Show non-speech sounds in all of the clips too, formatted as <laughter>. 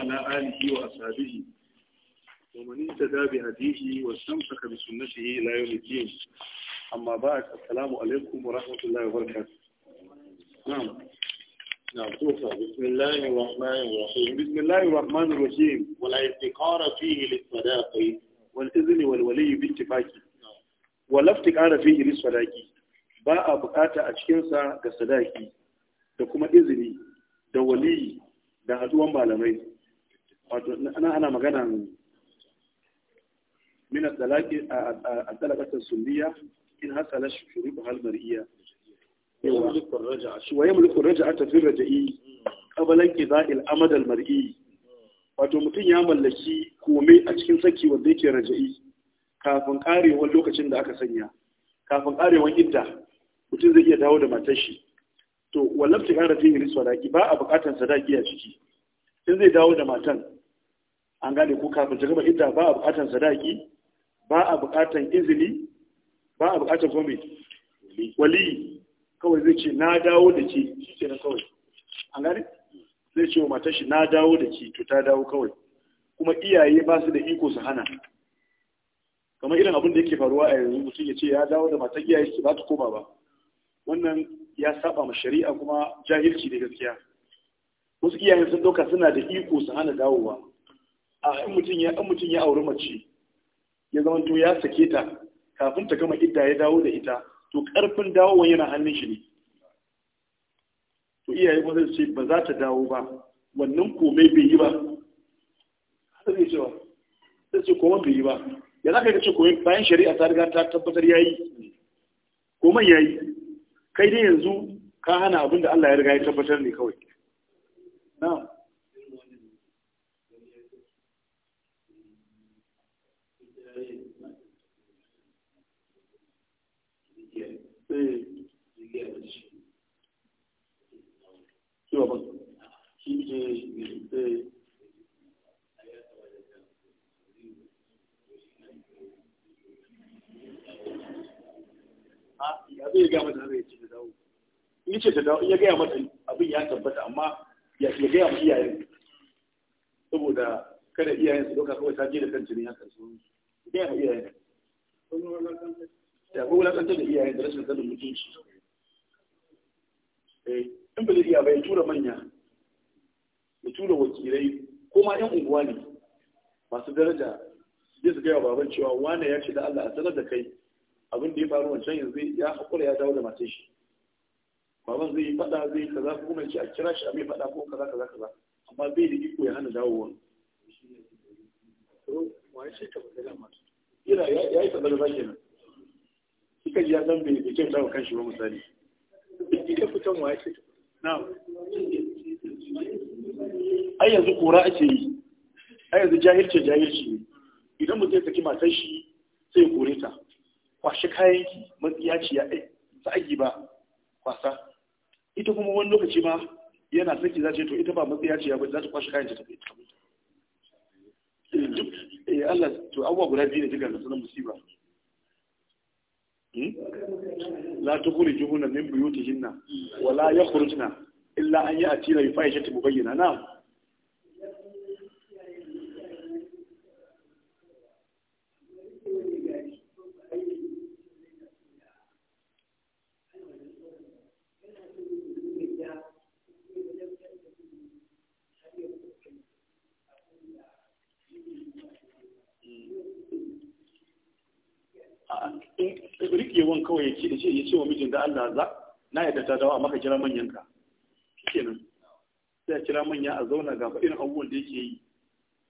ala alihi wa ashabihi wa man ittaba bi hadihi wa istamsaka bi sunnatihi ila yawm al-din amma ba'd assalamu alaykum wa rahmatullahi wa barakatuh na'am na'am tufa bismillahir rahmanir rahim bismillahir rahmanir rahim wa la istiqara fihi lis-sadaqi wal izni wal wali bi ittifaqi wa la istiqara fihi lis-sadaqi ba'a buqata a cikin sa ga sadaki. da kuma izni da wali da haɗuwan malamai wato ana ana magana min at-talaqi at-talaqat as-sunniyya in hasala shurubu hal-mar'iyya wa yamliku raj'ata fi raj'i qabla inqida'i al-amad al-mar'i wato mutum ya mallaki komai a cikin saki wanda yake raja'i kafin karewar lokacin da aka sanya kafin karewar idda mutum zai iya dawo da matar shi to wallaf ta kara fiye riswa daki ba a bukatar sadaki a ciki in zai dawo da matan an gane ko kafin ta gama idda ba a bukatan sadaki ba a bukatan izini ba a bukatan kome wali kawai zai ce na dawo da ke shi ke kawai an gane zai ce wa matan shi na dawo da ke to ta dawo kawai kuma iyaye ba su da iko su hana kamar irin abin da yake faruwa a yanzu mutum ya ce ya dawo da matan iyaye su ba ta koma ba wannan ya saba ma shari'a kuma jahilci ne gaskiya wasu iyayen sun dauka suna da iko su hana dawowa a in mutum ya mutum ya auri mace ya zama to ya sake ta kafin ta gama idda ya dawo da ita to karfin dawowa yana hannun shi ne to iyaye ba zai ce ba za ta dawo ba wannan komai bai yi ba haka zai cewa zai ce komai bai yi ba ya za ka yi ce komai bayan shari'a ta riga ta tabbatar ya yi komai ya yi kai dai yanzu ka hana abin da Allah ya riga ya tabbatar ne kawai na'am ya gaya mata zai ce ta dawo in ce ta dawo in ya gaya mata abin ya tabbata amma ya gaya ma iyayen saboda kada iyayen su dauka kawai ta je da kan jini haka su gaya ma iyayen da ko wulakantar da iyayen da rashin sanin mutunci eh, in ba zai iya bai tura manya ya tura wakilai ko ma yan unguwa ne masu daraja zai su gaya baban cewa wane ya ce da Allah a sanar da kai abin da ya faru wancan yanzu ya haƙura ya dawo da matar shi baban zai yi faɗa zai kaza ko kuma ce a kira shi a mai faɗa ko kaza kaza kaza amma bai da iko ya hana dawowa ira ya yi tabbata ba kenan kika ji yadda san bai bai kyauta wa shi ba misali ita fitan wa ce na ai yanzu kora ake yi ai yanzu jahilce jahilci idan mutum ya saki matar shi sai kore ta kwashi kayan ki matsiya ce ya sa'agi ba kwasa ita kuma wani lokaci ma yana saki za ce to ita ba matsiya ce ya bai za ta kwashi kayan ta tafi eh, Allah to abubuwa guda biyu ne duka da sunan musiba Hmm? la tukhrijuna min buyutihinna wa la yakhrujna illa an ya'tina bi fahishatin mubayyana na'am rikewan kawai ya ce ya ce wa mijin da Allah za na yadda ta dawo maka kira manyan ka kenan sai a kira manya a zauna ga irin abubuwan da yake yi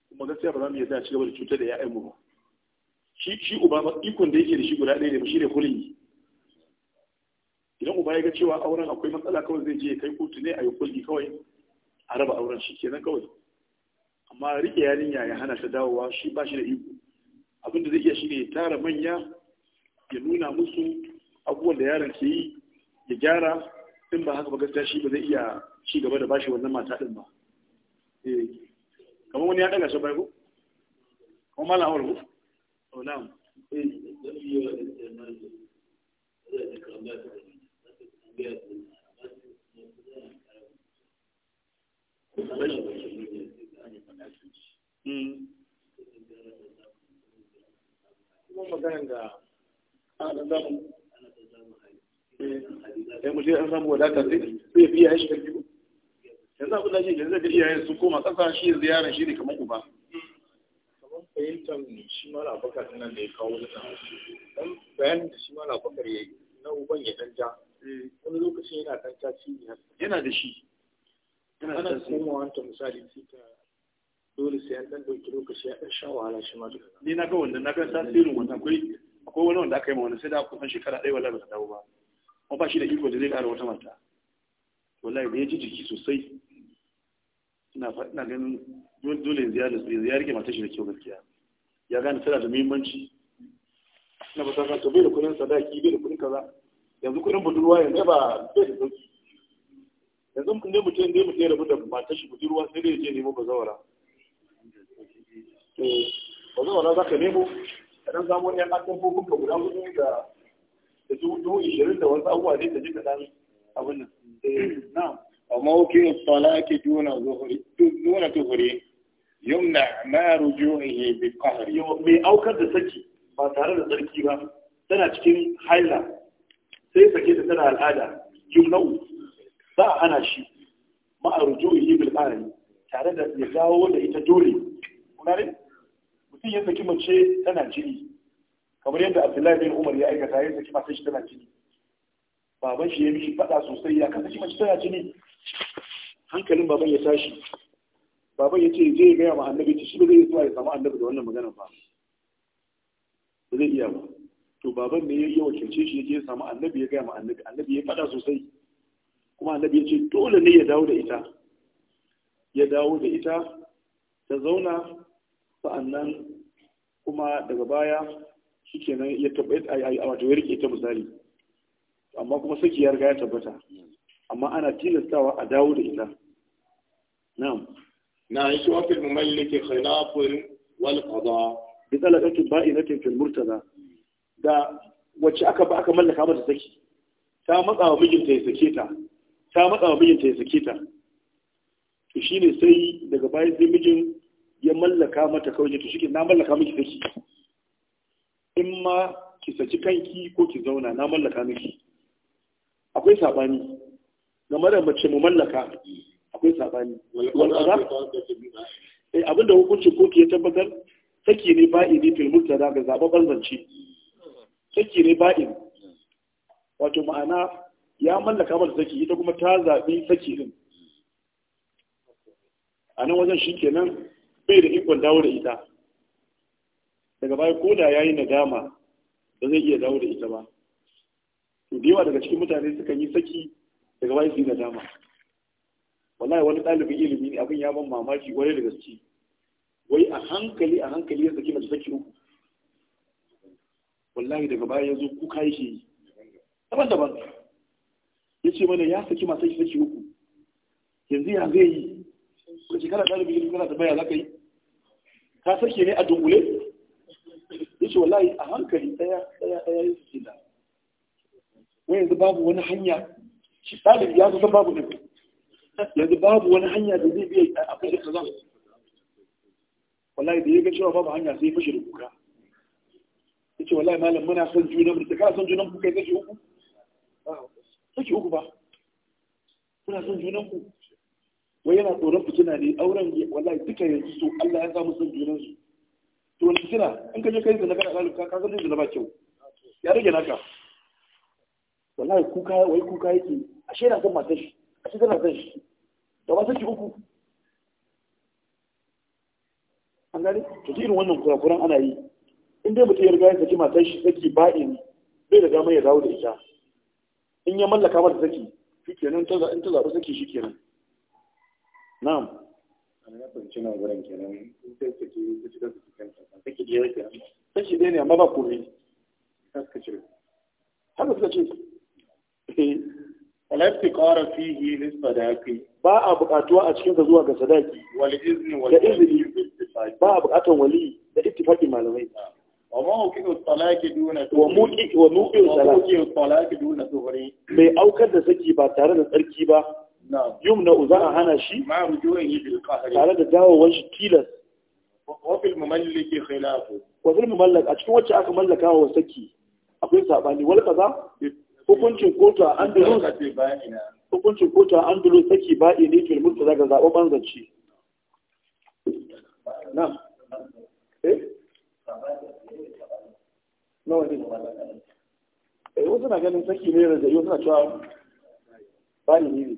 kuma gaskiya ba za mu yadda a cigaba da cutar da ya aimu ba shi shi uba ba ikon da yake da shi guda ɗaya da ba shi ne yi idan uba ya ga cewa auren akwai matsala kawai zai je ya kai kotu ne a yi kulli kawai a raba auren shi kenan kawai amma rike yarinya ya hana ta dawowa shi ba shi da iko abin da zai iya shi ne tara manya ya nuna musu abubuwan da yaron ke yi ya gyara in ba haka ba gaskiya shi ba zai iya ci gaba da bashi wannan mata din ba eh kamar wani ya daga shi bai ko oh, eh. kuma mala ko to na'am Mm. Mm. Mm. da a nan zamu sai mu je an samu wadata sai sai biya shi karfi da shi yanzu da iyayen sun koma ƙasa shi ziyara shi ne kamar uba kamar fahimtar shi mala bakar nan da ya kawo da dan bayanin da shi mala bakar ya yi na uban ya dan eh. wani lokacin yana dan ja ci yana da shi ana komawa ta misali sai ta dole sai an ɗan dauki lokaci ya dan sha wahala shi ma duka ni na ga wannan na ga tasirin wannan kwai. akwai wani wanda aka yi ma wani sai da kusan shekara ɗaya wallahi ba ta dawo ba kuma ba shi da iko da zai ƙara wata mata wallahi da ya ji jiki sosai ina ina ganin dole yanzu ya yanzu ya rike matar shi da kyau gaskiya ya gane tana da muhimmanci ina ba ta to bai da kudin sadaki bai da kudin kaza yanzu kudin budurwa yanzu ba bai da sauki yanzu mu dai mutum dai mutum ya rabu da matar shi budurwa sai dai ya je nemo bazawara eh, bazawara za ka nemo ka dan samu ɗan atamfofin ka guda hudu da da dubu ishirin da wasu abubuwa dai ka ji ka dan abin nan eh, na'am وموكل الصلاة دون ظهر دون ظهر يمنع ما رجوعه بالقهر مي aukar da saki ba tare da tsarki ba tana cikin haila sai sake ta tana al'ada yumna'u za a hana shi ma'a rujuhi bil qahri tare da ya dawo da ita dole kuma ne mutum ya saki mace tana jini kamar yadda abdullahi bin umar ya aikata ya saki mace shi tana jini baban shi ya mishi faɗa sosai ya kasa mace tana jini hankalin baban ya tashi baban ya ce je ya gaya ma annabi ta shi ba zai zuwa ya samu annabi da wannan maganar ba ba zai iya ba to baban ne ya yi wakilce shi ya je ya samu annabi ya gaya ma annabi annabi ya faɗa sosai kuma annabi ya ce dole ne ya dawo da ita ya dawo da ita ta zauna sa'annan kuma daga baya shikenan ya tabbata a wato ya rike ta misali amma kuma saki ya riga ya tabbata amma ana tilastawa a dawo da ita na'am na shi wa fil mumalliki da wal qada bi talaqati ba'inatin fil murtada da wacce aka ba aka mallaka mata saki ta matsa wa mijinta ya sake ta ta matsa wa mijinta ya sake ta to shine sai daga baya sai mijin ya mallaka mata kawai to shike na mallaka miki saki in ma ki saki kanki ko ki zauna na mallaka miki akwai sabani game da mace mu mallaka akwai sabani wallahi eh abinda hukuncin ki ya tabbatar saki ne ba'idi fil mubtada ga zababban zance saki ne ba'in wato ma'ana ya mallaka mata saki ita kuma ta zabi saki din a nan wajen shi kenan bai da ikon dawo da ita daga baya ko da yi nadama ba zai iya dawo da ita ba to da yawa daga cikin mutane suka yi saki daga baya su yi nadama wallahi wani ɗalibin ilimi ne abin ya ban mamaki wani da gaske wai a hankali a hankali ya saki mace saki uku wallahi daga baya ya zo kuka yake yi daban-daban ya ce mana ya saki masu shi saki uku yanzu ya zai yi ka shekara ɗalibin ilimi kana tambaya za ka yi kafirci ne a dungule yace wallahi a hankali daya daya daya yake ce da wai yanzu babu wani hanya shi dalibi ya san babu ne yanzu babu wani hanya da zai biya a kai kaza wallahi da ya cewa babu hanya sai ya fashe da kuka yace wallahi malam muna son juna mu ka son junan ku kai kashi uku kashi uku ba kuna son junan ku wai yana tsoron fitina ne auren wallahi duka yanzu so. Allah ya sa musu junan su to wani fitina in ka je kai zina kana kalu ka san zina ba kyau ya rage naka wallahi kuka wai kuka yake ashe na san matashi. shi ashe tana san shi da matar shi uku an gane to irin wannan kurakuran ana yi in dai mutum ya riga ya saki matar shi saki ba'in bai da dama ya dawo da ita in ya mallaka mata saki shi kenan in ta zaɓi saki shi kenan. na'am an ya fahimci na wurin kenan in sai ta ta da ta shi dai ne amma ba ta haka suka ce eh. fihi ba a buƙatuwa a cikinsa zuwa ga sadaki wal izini, ba a buƙatan wali da ittifaqi malamai wa mawqi'u talaqi duna muqi wa muqi duna aukar da saki ba tare da tsarki ba yumna za a hana shi tare da dawowar shi tilas wafil mamallaki a cikin wacce aka mallaka wa saki akwai sabani wal kaza hukuncin kotu a andalus hukuncin kotu a andalus saki ba eh? ne fil mutsa ga zababan zance eh ne wasu na ganin saki ne da cewa ne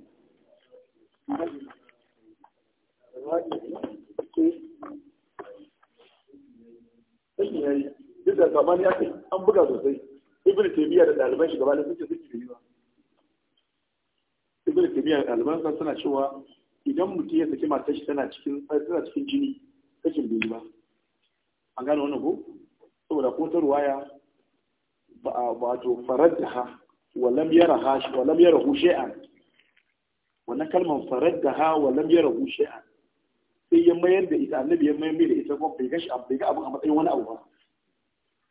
sakin yayi duk da zamani aka an buga sosai ibn taymiya da ɗaliban shi gaba da suke suke da yiwa ibn taymiya da daliban sa suna cewa idan mutum ya saki matar shi tana cikin tana cikin jini sakin bai ba an gane wannan ko saboda ko ta ruwaya ba wato faradda ha walam yara ha walam yara hu shay'an wannan kalmar farar da ha wa lam yara hu shay'an sai ya mayar da ita annabi ya mayar da ita kuma bai gashi bai ga abin a matsayin wani abu ba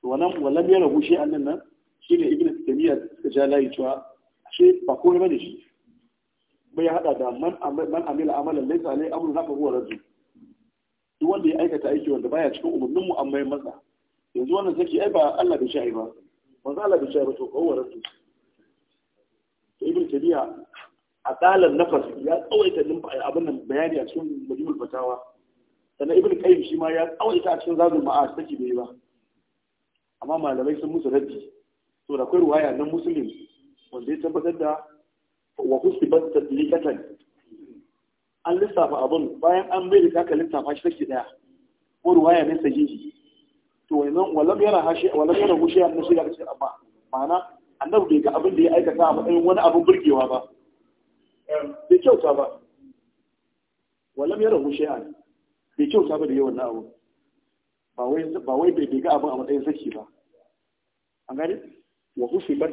to wannan wa lam yara hu shay'an nan nan shine ibn taymiya suka ja layi cewa ashe ba komai bane shi bai hada da man man amila amalan laysa alai amrun haka huwa rajul duk wanda ya aikata aiki wanda baya cikin umurnin mu an mayar masa yanzu wannan saki ai ba Allah bai shi ba manzo Allah bai shi ba to kowa rajul to ibn taymiya a tsalar nafas ya tsawaita abin nan bayani a cikin majmul fatawa sannan ibn qayyim shi ma ya tsawaita a cikin zazul ma'ad take bai ba amma malamai sun musu raddi to da akwai ruwaya nan muslim wanda ya tabbatar da wa husibat tadlikatan an lissafa abin bayan an bai da ka lissafa shi take daya ko ruwaya ne sahihi to wannan walam yara hashi walam yara hushi an cikin amma ma'ana annabi bai ga abin da ya aikata a matsayin wani abin burgewa ba bai kyauta ba wallam ya rahu shay'an bai kyauta ba da yawan na abu ba wai bai ga abin a matsayin saki ba an gani wa husibat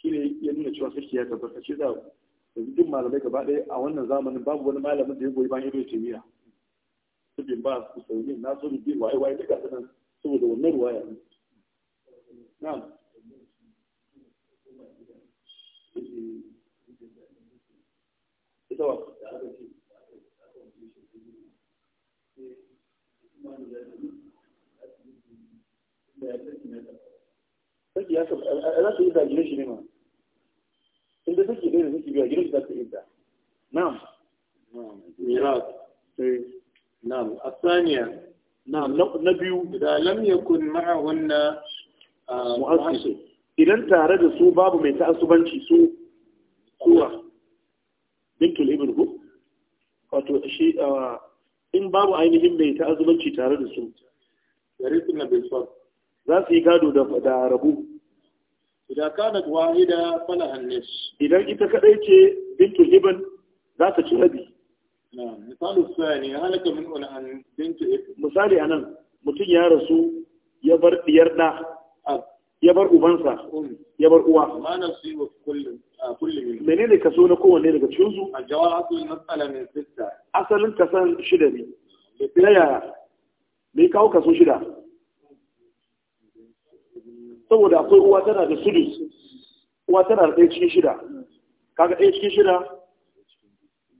Shi ne ya nuna cewa saki ya tabbata ce da yanzu duk malamai gaba ɗaya a wannan zamanin babu wani malamin da ya goyi bayan ibn taymiya ibn ba su sauni na so bi wai wai duka sanan saboda wannan ruwaya ne na'am سوا saki ya saba za ta yi da gire shi ne ma inda saki ɗaya da saki biya gire shi za ta yi da na'am miras na'am asaniya na'am na biyu da lam yakun ma'a wannan mu'assis idan tare da su babu mai ta'assubanci su kuwa bintul ibn ku wato shi in babu ainihin mai ta'azubanci tare da su suna bai bilfar za su yi gado da rabu idan kanat ida fana hannes idan ita kadai ce bintul ibn za ta ci rabi misalu sani halaka min an bintul ibn misali anan mutum ya rasu ya bar diyar da ya bar ubansa ya bar uwa ne kaso na kowanne daga cikin su asalin kasan shida ne da yaya me kawo kaso shida saboda akwai uwa tana da sudu uwa tana da ɗaya cikin shida kaga ɗaya cikin shida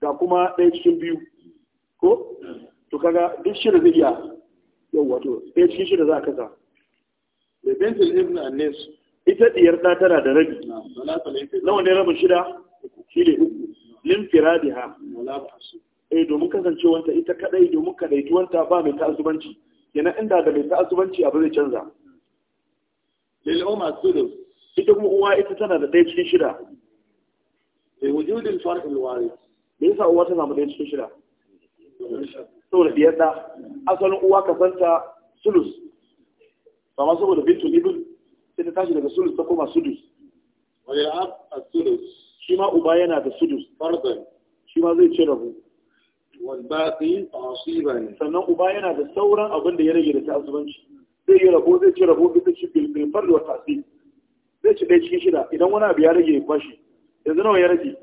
ga kuma ɗaya cikin biyu ko to kaga duk shida zai iya yau wato ɗaya cikin shida za a kasa da bintul ibn annis ita diyar da tana da rabi nawa ne rabin shida shi ne uku ha. eh domin kasancewanta ita kadai domin kadaituwanta ba mai ta'azubanci kenan inda da mai ta'azubanci abu zai canza lil umma sudus ita kuma uwa ita tana da ɗaya cikin shida bi wujudil farq al warid me yasa uwa ta samu ɗaya cikin shida saboda biyar da asalin uwa ka santa sulus ba ma saboda bintu ibn sai ta tashi daga sulus ta koma sudus wani ab a sudus shi ma uba yana da sudus fardan shi ma zai ce rabu wal baqi asiban sannan uba yana da sauran abin da ya rage da ta'azzubanci zai yi rabu, zai ce rabu, bisa shi bil bil fard wa ta'sib zai ci ɗaya cikin shida idan wani abu ya rage ya kwashe. yanzu nawa ya rage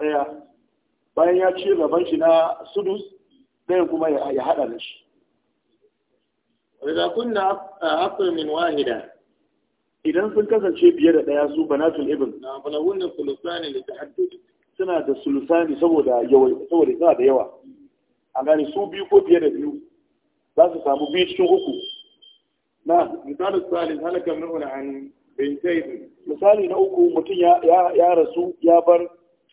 ɗaya? bayan ya ci raban shi na sudus ɗayan kuma ya haɗa da shi وإذا كنا أكثر من wahida. idan sun kasance biye da ɗaya su banatul ibn na balawun sulusani li tahaddud suna da sulusani saboda yawa saboda suna da yawa a gani su biyu ko biye da biyu za su samu biyu cikin uku na misalin salis halaka min an bintayn misali na uku mutum ya ya rasu ya bar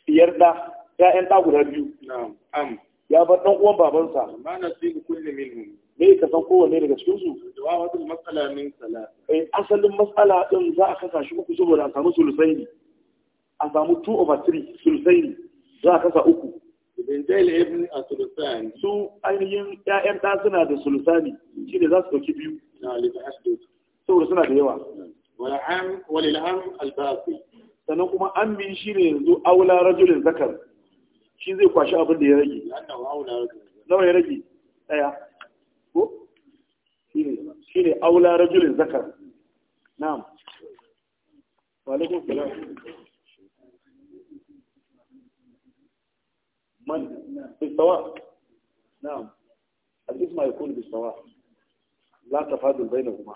biyar da ya'yan ɗa guda biyu na'am ya bar ɗan uwan babansa ma nasibu kulli minhum me ka san kowanne daga cikin su jawabatul matsala min salat eh asalin matsala din za a kasa shi uku saboda a samu sulusaini a samu 2 over 3 sulusaini za a kasa uku dai jail ibn asulusani su ainihin ƴaƴan ɗa suna da sulusani shi ne za su ɗauki biyu Na saboda suna da yawa walilham albasi sannan kuma an bi shi ne yanzu aula rajulin zakar shi zai kwashi abin da ya rage nawa ya rage ɗaya shi ne aula rajulin zakar na'am man bisawa na'am al-isma yakun bisawa bai na kuma.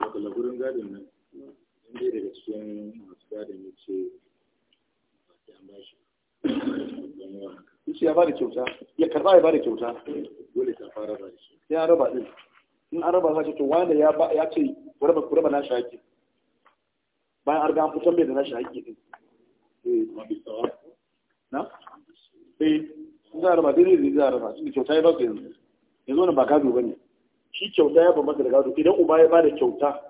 daga gurin gadin nan inda daga cikin masu gadin ya ce ba ta ba shi yace ya bada kyauta ya karba ya bada kyauta dole ta fara ba shi ya raba din in an raba shi to wanda ya ba ya ce ku raba ku raba na shaki bayan an riga an fitar mai da na shaki din eh na eh za a raba dai ne za a raba shi kyauta ya ba ku yanzu yanzu ba gado bane shi kyauta ya bambanta da gado idan uba ya da kyauta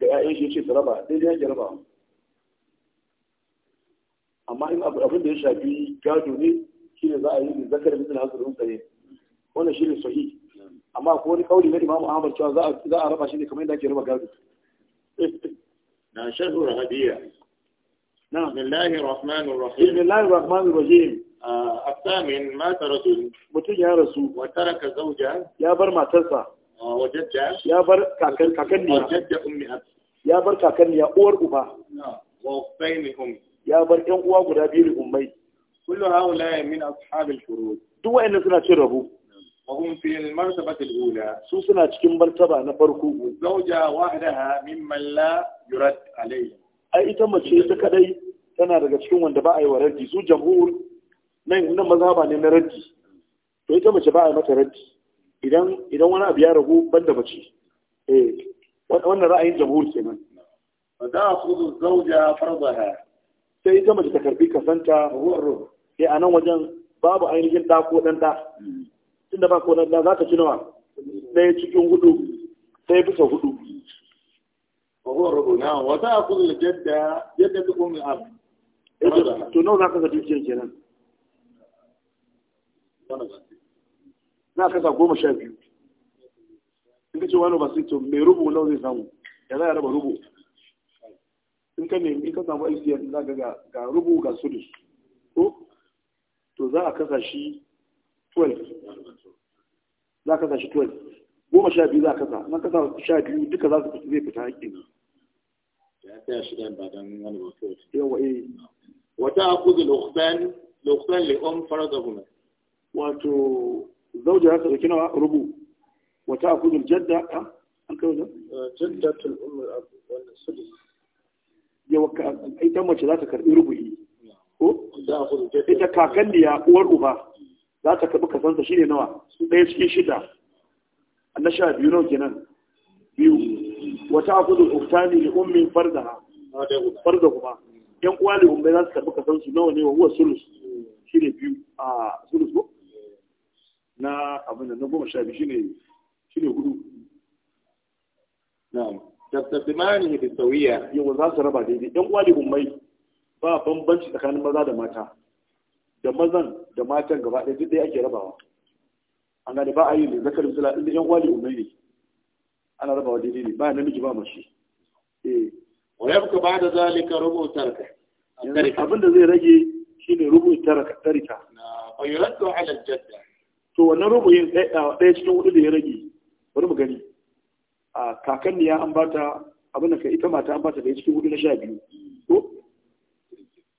ga 'ya'yan shi ya ce su raba daidai yake raba amma in abin da ya shafi gado ne shi ne za a yi da zakar mutum hasu da mutane wani shi ne sahi amma ko wani kauli na imamu ahmad cewa za a raba shi ne kamar yadda ake raba gado na shahu rahabiya na bismillahir rahmanir rahim bismillahir rahmanir rahim biyu مات رجل kullu haula min ashabil furud duk wa'annan suna cin وهم في المرتبة الأولى سوسنا cikin martaba na farko zauja wahdaha mimman la yurad alayhi ai ita mace ta kadai tana daga cikin wanda ba a yi wa raddi su jamhur nan nan mazhaba ne na raddi to ita mace ba a yi mata raddi idan wani abu ya ragu banda mace eh wannan ra'ayin jamhur kenan sai ita mace karbi kasanta ruwa sai a nan wajen babu ainihin da ko ɗan ɗa tun da ba ko ɗan ɗa za ta ci nawa ɗaya cikin hudu sai bisa hudu وهو ربنا وتأخذ الجدة جدة أم الأب to nawa za ka sa dukiyar kenan na kasa goma sha biyu in ka ce wani ba to mai rubu nawa zai samu ya za a raba rubu in ka nemi in ka samu aiki yadda za ka ga rubu ga sudus ko to za a kasa shi 12 za a kasa shi 12 goma sha biyu za a kasa na kasa sha biyu duka za su fi zai fita haƙƙi ne eh. wata um wato zauja ya sauki nawa rubu wata jadda an kai wajen eh, abu ita mace za ta karbi rubu'i ko ita ya uwar uba za ta kaɓi kasansa shi ne nawa ɗaya cikin shida na sha biyu nau kenan biyu wata akudu uktani da ummin farda farda kuma yan uwa da umbai za su karɓi kasansu nawa ne wa huwa sulus shi ne biyu a sulus ko na abin da na goma sha biyu shi ne hudu na tattabimani da sauyiya yau za su raba daidai yan uwa da umbai ba bambanci tsakanin maza da mata da mazan da matan gaba ɗaya duk ɗaya ake rabawa an gane ba a yi ne zakar misala inda yan wali umai ne ana rabawa daidai ne ba namiji ba mace eh wa yabka ba da zalika rubu tarka abin da zai rage shine rubu tarka tarika wa yuraddu ala jadda to wannan rubuyin ɗaya cikin hudu da ya rage bari mu gani a kakanniya an bata abin da ka ita mata an bata da cikin hudu na sha biyu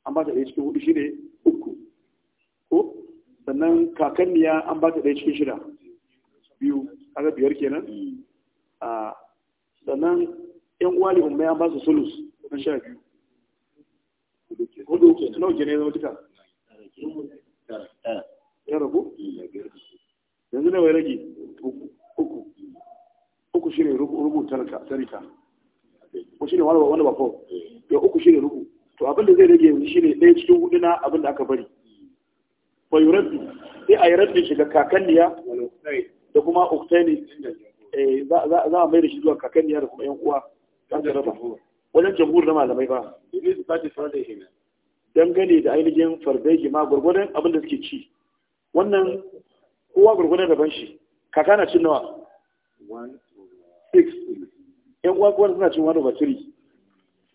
an ba ta ɗaya cikin hudu shine uku ko sannan kakanniya an ba ta ɗaya cikin shida biyu kaga biyar kenan a sannan yan uwa ne ummai an ba su sulus na sha biyu hudu nawa kenan ya zama duka ya rabu yanzu ne wai rage uku uku shine rubu tarika ko shine wani ba ko ya uku shine rubu to abin da zai rage yanzu shine ɗaya cikin hudu na abin da aka bari fa yuraddu sai a yi raddin shi ga kakanniya da kuma uktaini eh, za a mai da shi zuwa kakanniya da kuma yan uwa wajen jamhur na malamai ba dangane da ainihin farbeji ma gwargwadon abin da suke ci wannan kowa gwargwadon daban shi kaka na cin nawa 6 yan uwa suna cin wani batiri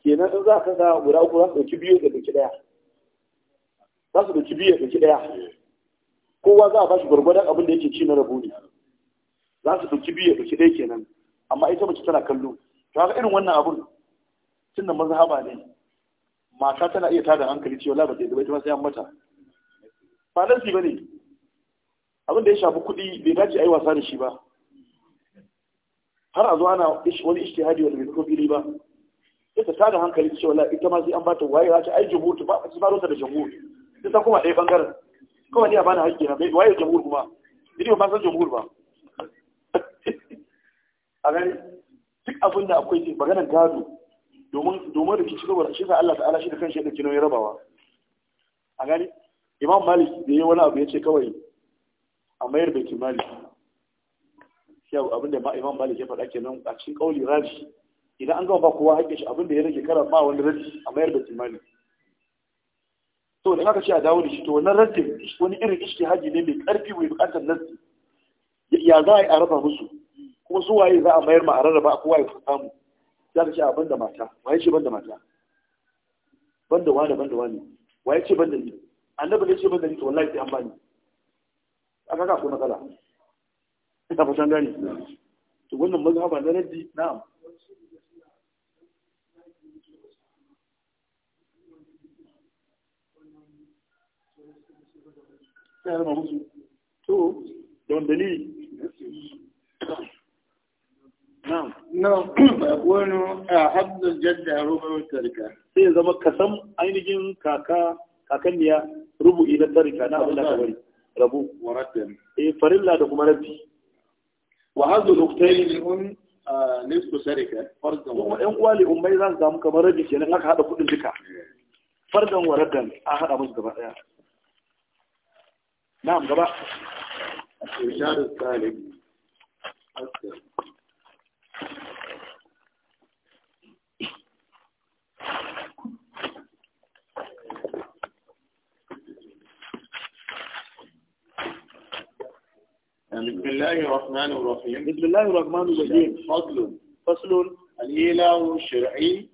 kenan in za ka sa guda uku za su ɗauki biyu da ɗauki ɗaya za su ɗauki biyu da ɗauki ɗaya kowa za a ba shi gwargwadon abin da yake ci na rabu ne za su ɗauki biyu da ɗauki ɗaya kenan amma ita mace tana kallo to haka irin wannan abun tun da mazhaba ne mata tana iya tada hankali cewa la ba ta ita ba sai an mata ba nan ba ne abin da ya shafi kuɗi bai dace a yi wasa da shi ba har a zo ana wani ishtihadi wanda bai fito fili ba ita ta da hankali cewa la ita ma sai an bata wayewa ta ai ta ba su baro ta da jumhur sai ta kuma dai bangaren Kuma ni a bani hakki na bai waye jumhur kuma idan ba san jumhur ba <laughs> a gani duk abin da akwai ce maganar gado domin domin da kici gaba shi sa Allah ta'ala shi da kanshi da kinoyi rabawa a gani imam malik da yayi wani abu yace kawai a mayar baitul malik shi abin da imam malik ya faɗa kenan a cikin kauli raji idan an gama ba kowa haƙƙin shi abin da ya rage karar ba wani rabi a mayar da timani to da aka ce a dawo da shi to wannan rajin wani irin haji ne mai ƙarfi mai buƙatar nasi ya za a yi a raba musu kuma su waye za a mayar ma a rarraba kowa ya mu za ka ce a banda mata waye ce banda mata banda wane banda wane waye ce banda ni annabi ne ce banda ni to wallahi sai an bani aka ka akwai matsala ina fatan gani to wannan mazhaba na raddi na'am sai wani ya zama kasan ainihin kaka kakanniya rubu'i na tarika na abin da ka bari rabu waraddan eh farilla da kuma rabbi wa haddu nuqtayn min nisfu sarika fardan wa yan kwali ummai za su samu kamar rabi kenan aka haɗa kuɗin duka eh. fardan waraddan a haɗa musu gaba daya نعم جماعة الإشارة الثالث نعم، بسم الله الرحمن الرحيم بسم الله الرحمن الرحيم فصل فصل الإله الشرعي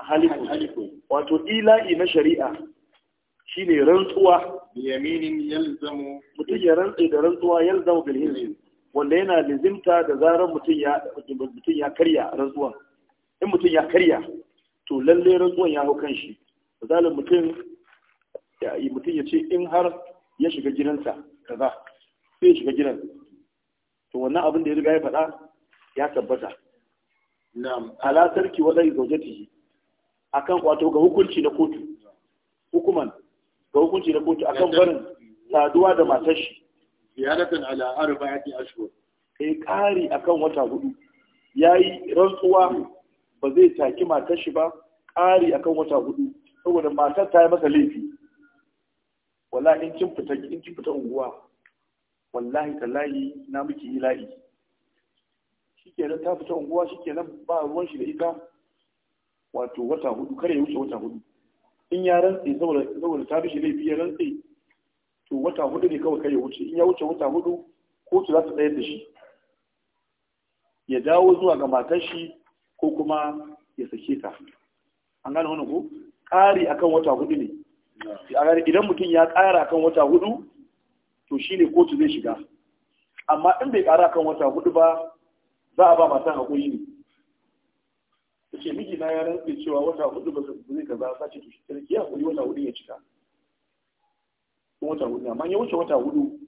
حلف حلف وتو إله شريعة شيني رنطوة yaminin yalzamu mutum ya rantsa da rantsuwa yalzamu bil hizbi wanda yana lizimta da zarar mutum ya karya rantsuwa in mutum ya karya to lallai rantsuwan ya hau kanshi misalin mutum ya mutum ya ce in har ya shiga gidansa kaza sai ya shiga gidan to wannan abin da ya riga ya faɗa ya tabbata na'am ala sarki wadai zaujatihi akan wato ga hukunci na kotu hukuman ga hukunci na kotu akan barin saduwa da matar shi ziyaratan ala arba'ati ashhur kai kari akan wata hudu yayi rantsuwa ba zai taki matar shi ba kari akan wata hudu saboda matar ta yi masa laifi wallahi in kin fita in kin fita unguwa wallahi tallahi na miki la'i. shikenan ta fita unguwa shikenan ba ruwan shi da ita wato wata hudu kare ya wuce wata hudu in ya rantse saboda ta bishi laifi ya rantse to wata hudu ne kawai kai ya wuce in ya wuce wata hudu kotu za ta tsayar da shi ya dawo zuwa ga matar shi ko kuma ya sake ta an gane wani ko ƙari akan wata hudu ne idan mutum ya ƙara akan wata hudu to shi ne kotu zai shiga amma in bai ƙara akan wata hudu ba za a ba matan haƙuri ne ta ce miji na ya rantse cewa wata hudu ba su zai kaza ta ce to shi kirki ya kuri wata hudu ya cika in wata hudu amma ya wuce wata hudu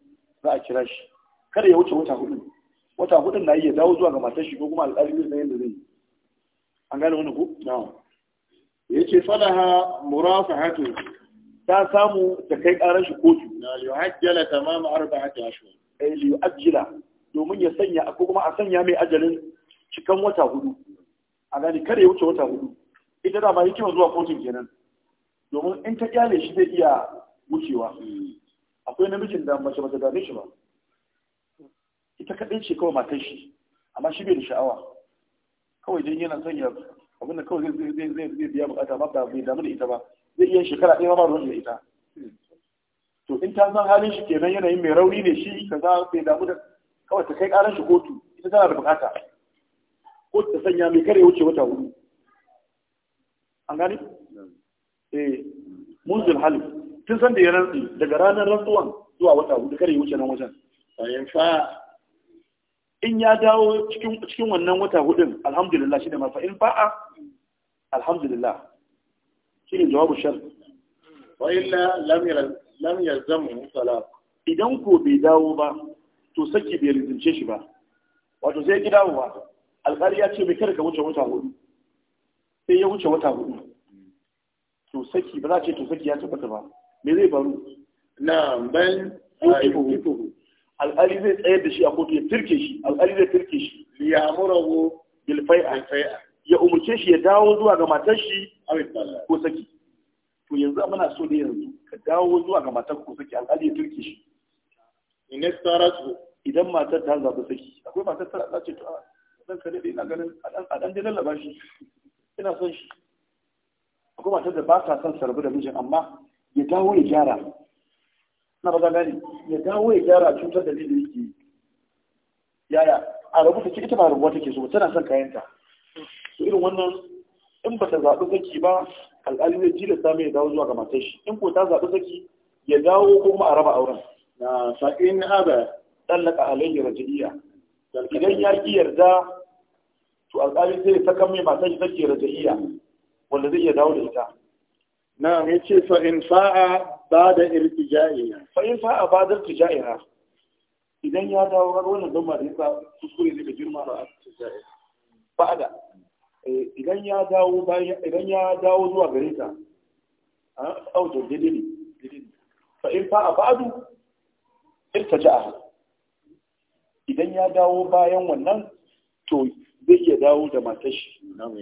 za a kira shi kada ya wuce wata hudu wata hudu na iya dawo zuwa ga matar shi ko kuma alƙalin zai yadda zai yi an gane wani ku Na. ya ce falaha murafahatu ta samu ta kai karar shi kotu na liyuhajjala tamam arba'ati ashhur eh liyuhajjala domin ya sanya ko kuma a sanya mai ajalin cikan wata hudu a gani kada ya wuce wata hudu ita da ba hikima zuwa kotun kenan domin in ta kyale shi zai iya wucewa akwai namijin da mace mace da dame shi ba ita kaɗai ce kawai matan shi amma shi bai da sha'awa kawai jin yana son ya abinda kawai zai zai zai zai biya bukata ba bai damu da ita ba zai iya shekara ɗaya ma ruwan da ita to in ta san halin shi kenan yanayin mai rauni ne shi kaza bai damu da kawai ta kai karan shi kotu ita tana da bukata ko ta sanya mai kare wuce wata hudu an gani eh munzil hali tun san da ya rantsi daga ranar rantsuwan zuwa wata hudu kare wuce nan wajen bayan fa in ya dawo cikin cikin wannan wata hudun alhamdulillah shi da mafa in fa'a alhamdulillah shi ne jawabu shar wa illa lam yalzamu talaq idan ko bai dawo ba to saki bai rizince shi ba wato sai ki dawo ba alƙari ya ce bai kada ka wuce wata hudu sai ya wuce wata hudu to saki ba za a ce to saki ya tabbata ba me zai faru na ban alƙali zai tsayar da shi a kotu ya firke shi alƙali zai firke shi ya murahu bil fai'a ya umurce shi ya dawo zuwa ga matar shi ko saki to yanzu muna so da yanzu ka dawo zuwa ga matar ko saki alƙali ya firke shi in idan matar ta zaɓi saki akwai matar ta zaɓi zan ka daɗe ina ganin a ɗan dinan laba ina son shi akwai matar da ba ta son sarbu da mijin amma ya dawo ya gyara na ba gani ya dawo ya gyara cutar da ni da yake yaya a rubuta ce ita ba rubuwa take so tana son kayanta to irin wannan in ba ta zaɓi saki ba alƙali zai jila samu ya dawo zuwa ga matar shi in ko ta zaɓi saki ya dawo ko kuma a raba auren na fa'in aba tallaka alayhi raji'iyya idan ya ƙi yarda to alƙali zai saka mai matan shi take rajaiya wanda zai iya dawo da ita na ya ce fa in fa'a ba da irtijaiya fa in fa'a ba da irtijaiya idan ya dawo har wannan don ma da yasa kuskure zai ga girma ba ba da eh, idan ya dawo bayan idan ya dawo zuwa gare ta a ah, auto didini fa in fa'a ba'du irtija'iya idan ya dawo bayan wannan to zai iya dawo da matar shi nan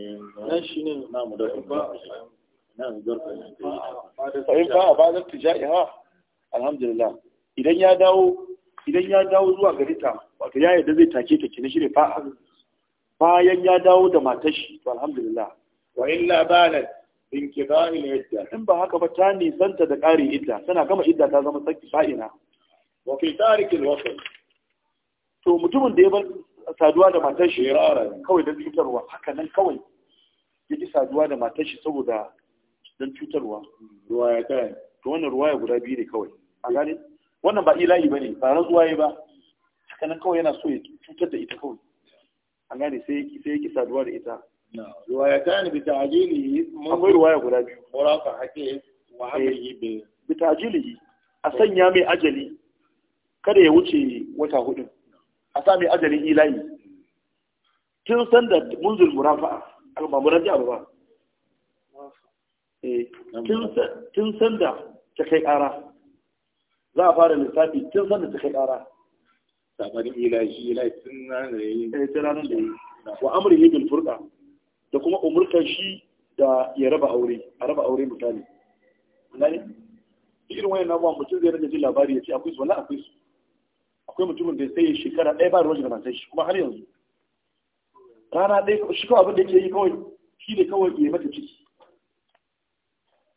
shi ne namu da ba a ba a ba tijaiha alhamdulillah idan ya dawo idan ya dawo zuwa gari ta wato ya yadda zai take ta kina shi ne fa'a bayan ya dawo da matar shi to alhamdulillah wa in labanar in kidani yadda in ba haka ba ta nisanta da ƙari idda tana gama idda ta zama saki fa'ina wa fi tarikin wasu to mutumin da ya bar saduwa da matar shi kawai don cutarwa haka nan kawai ya ji saduwa da matar shi saboda don cutarwa ya kai to wannan ruwaya guda biyu ne kawai a gane wannan ba ilahi ba ne ba rantsuwa ya ba haka nan kawai yana so ya cutar da ita kawai a gane sai yake sai yake saduwa da ita ya kai ne bi ta'jili akwai ruwaya guda biyu muraka hake wa hamlihi eh, bi ta'jili a sanya mai ajali kada ya wuce wata hudu a sa mai ajalin ilayi tun san da munzul murafa alba muraja ba eh, tun san da ta kai ƙara za a fara lissafi tun san da ta kai ƙara sabanin ilayi ilahi tun ranar da yi eh, ranar da yi wa amri bil furqa da kuma umurkan shi da ya raba aure a raba aure misali irin wayan nan mutum zai rage jin labari ya ce akwai su wani akwai su akwai mutumin da sai shekara ɗaya ba ruwan shi da matan shi kuma har yanzu rana ɗaya shi kawai abin da yake yi kawai shi ne kawai ya mata ciki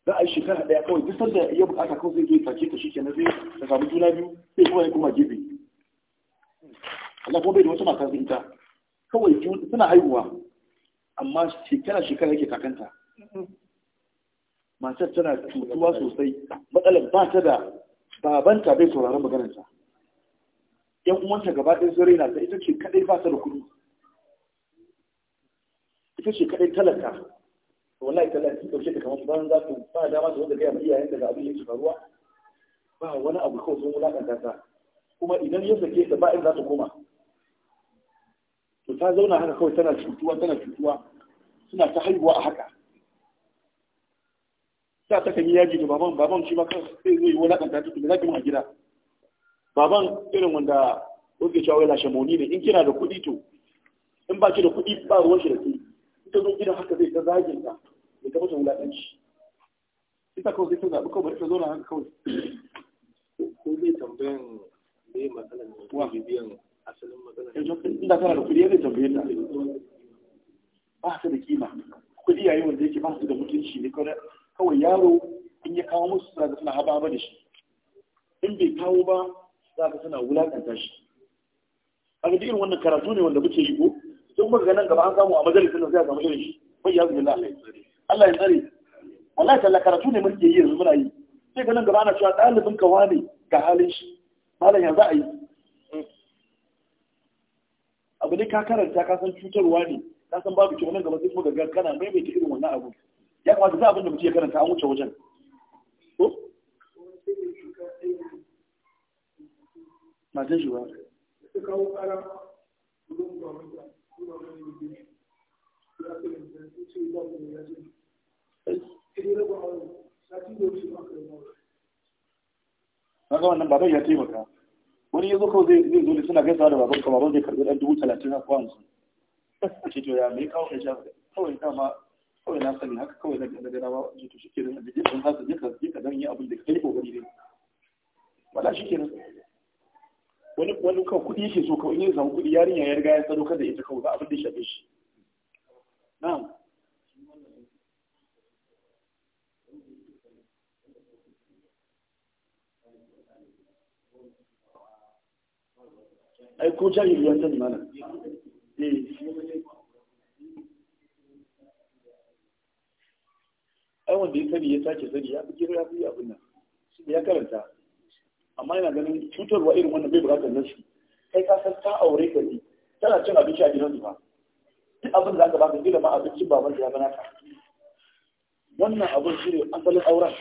za a yi shekara ɗaya kawai duk sanda ya bukata kawai zai je face ta shi kenan zai ta samu juna biyu sai kuma ya kuma gefe Allah kuma bai da wata mata zai ita kawai suna haihuwa amma shekara shekara yake kakanta matar tana cutuwa sosai matsalar ba ta da babanta bai sauraron maganarta yan uwanta gaba ɗin sun raina ta ita ce kaɗai ba ta da kuɗi ita ce kaɗai talaka wallahi talaka lafi ɗauke ta kamar bayan za su ba dama su wanda gaya ma iyayen daga abin yake faruwa ba wani abu kawai sun wulaƙanta ta kuma idan ya sake ta ba in za ta koma to ta zauna haka kawai tana cutuwa tana cutuwa suna ta haihuwa a haka ta ta kan yi yaji da baban baban shi ma kan sai zai wulaƙanta ta to me za ki a gida baban irin wanda kuke cewa wai lashe moni ne in kina da kuɗi to in ba ki da kuɗi ba ruwan shi da ke in ta zo gidan haka zai ta zagin ta ya ta mutum wulaƙanci ita kawai zai ta zaɓi kawai ita ta zo na haka kawai ko zai tambayan me matsalar ne ko bibiyan asalin matsalar ne eh, inda kana da kuɗi ya zai tambaye ta ba ta da kima kuɗi yayi wanda yake ba su da mutunci ne kawai yaro in ya kawo musu suna haba ba da shi in bai kawo ba za ka suna wulakanta shi a ga irin wannan karatu ne wanda muke yi ko sun muka nan gaba an samu a majalisar da zai samu irin shi bai ya zuwa Allah Allah ya tsare Allah ta karatu ne muke yi yanzu muna yi sai ganin nan gaba ana cewa ɗalibin ka wane ga halin shi malam yanzu za a yi abu ne ka karanta ka san cutarwa ne ka san babu kyau nan gaba sai kuma ga kana maimaita irin wannan abu ya kamata za abin da mutum ya karanta an wuce wajen matan shi ba kaga wannan baban ya taimaka wani yanzu kawai zai zo ne suna gaisa da baban kamar zai karbi ɗan dubu talatin a kwan su A ce to ya mai kawo ya shafi kawai dama kawai na sani haka kawai na gada gada ba ce to shike nan da jikin hasa jika jika dan yi abin da kai kokari ne wala shike nan wani wani kan kuɗi ke so kawai ne samu kuɗi yarinya ya riga ya sadaukar da ita kawai ba abin da shafe shi na'am ai ko yi ya ne mana eh. ai wanda ya sani ya sake sani ya fi kira ya fi abin nan ya karanta amma yana ganin cutarwa irin wannan bai bukatar nashi kai ka san ta aure ka ji tana cin abinci a gidan ba duk abin da aka baka gida ma abincin baban ya bana ka wannan abin shi ne asalin auren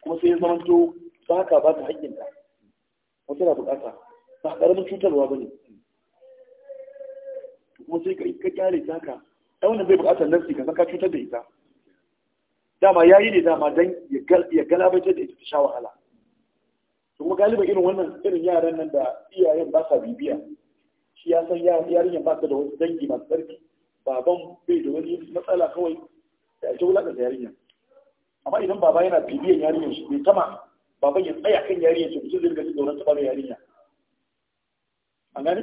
kuma sai ya zama to ba ka ba ta haƙƙin ka wata na bukata ba ƙaramin cutarwa ba ne kuma sai ka kyale ta ka ɗan wannan bai bukatar nashi ka san ka cutar da ita dama ya yi ne dama don ya galabaitar da ita ta sha wahala kuma galiba irin wannan irin yaran nan da iyayen ba sa bibiya shi ya san yarinyar ba ta da wasu dangi masu tsarki baban bai da wani matsala kawai da ake da yarinyar amma idan baba yana bibiyan yarinyar shi bai tama baban ya tsaya kan yarinyar shi mutum zirga riga jin tsoron taɓa yarinya a gani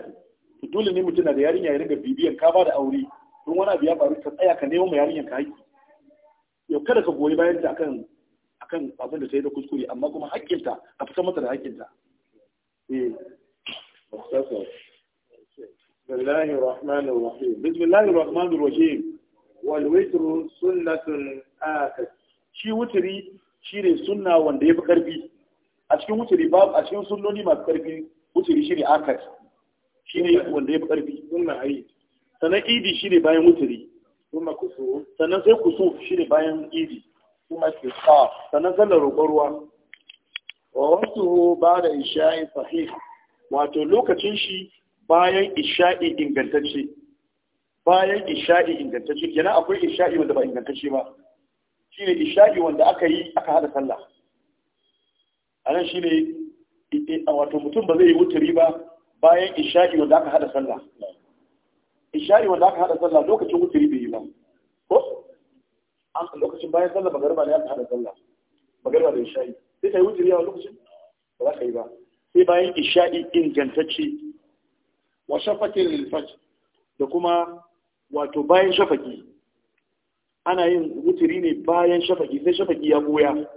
to dole ne mutum na da yarinya ya riga bibiyan ka ba da aure don wani abu ya faru ka tsaya ka nemo ma yarinyar ka haƙƙi yau kada ka goyi bayan ta akan akan abin da ta yi da kuskure amma kuma haƙƙinta a fitar mata da haƙƙinta بسم الله الرحمن الرحيم بسم الله الرحمن الرحيم wuturi shi ne shi ne wanda ya fi ƙarfi sunna sannan idi shi ne bayan wuturi sannan sai shi ne bayan idi kuma istisqa sannan sallar roƙon ruwa wa wasu ba da isha'i sahih wato lokacin shi bayan isha'i ingantacce bayan isha'i ingantacce kenan akwai isha'i wanda ba ingantacce ba shine isha'i wanda aka yi aka hada sallah anan shine eh, eh, wato mutum ba zai yi wuturi ba bayan isha'i wanda aka hada sallah isha'i wanda aka hada sallah lokacin wuturi bai yi ba ko an lokacin bayan sallah magariba ne aka hada sallah magariba da isha'i sai kai yi wujiri lokacin ba za ka yi ba sai bayan isha'i ingantacce wa shafakin lilfaj da kuma wato bayan shafaki ana yin wuturi ne bayan shafaki sai shafaki ya goya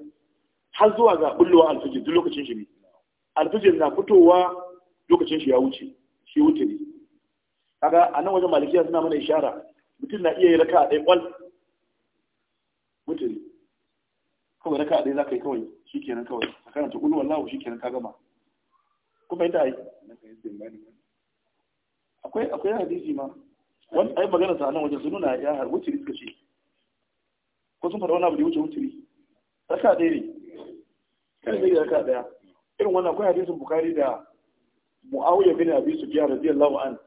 har zuwa ga bullowa alfijir duk lokacin shi ne alfijir na fitowa lokacin shi ya wuce shi wuturi kaga a nan wajen malikiya suna mana ishara mutum na iya yi raka a ɗaya ƙwal kawai raka ɗaya za ka yi kawai shi kenan kawai a karanta ulu wallahu shi kenan ka gama ko bai dai akwai akwai hadisi ma wani ai magana ta nan wajen su nuna ya har wuce suka ce ko sun fara wani abu da wuce wuce raka ɗaya ne kan zai raka ɗaya irin wannan akwai hadisin bukari da mu'awiya bin abi sufyan radiyallahu an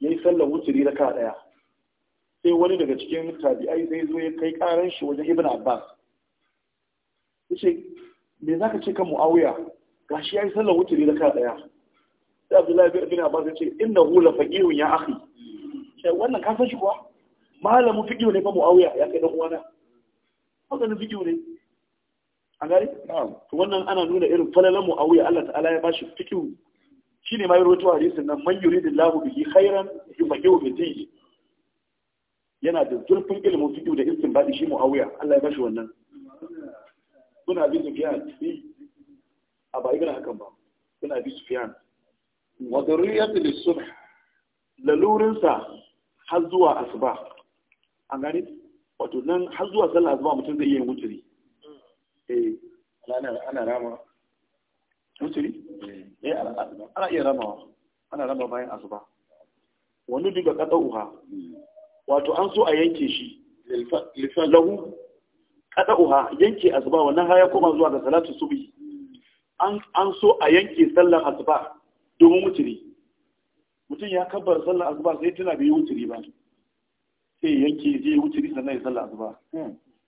yayi sallar wuturi raka ɗaya sai wani daga cikin tabi'ai sai zo ya kai karan shi wajen ibn abbas ce me zaka ce kan muawiya gashi yayi sallar wuturi da ka daya sai abdullahi bin abbas yace innahu la faqihun ya akhi sai wannan ka san shi kuwa malamin fiqh ne fa muawiya ya kai dan uwana maganin fiqh ne an gari? to wannan ana nuna irin falalan muawiya Allah ta'ala ya bashi fiqh shine ma yarwato hadisin nan man yuridillahu bihi khairan yufaqihu bi dini yana da zurfin ilimin fiqh da istinbadi shi muawiya Allah ya bashi wannan suna bi Sufyan a ba ibn hakan ba suna bi Sufyan wa darriyat lis-subh lalurin Lalurinsa har zuwa asuba an gani wato nan har zuwa sallar asuba mutum zai yi wuturi eh ana ana rama wuturi eh, eh ana iya ramawa ana rama bayan asuba wani diga kada uha hmm. wato an so a yanke shi lahu kada uha yanke asuba wannan haya koma zuwa ga salatu subhi an an so a yanke sallar asuba domin wuturi mutum ya kabbar sallar asuba sai tana bai wuturi ba sai yanke je wuturi sannan ya sallar asuba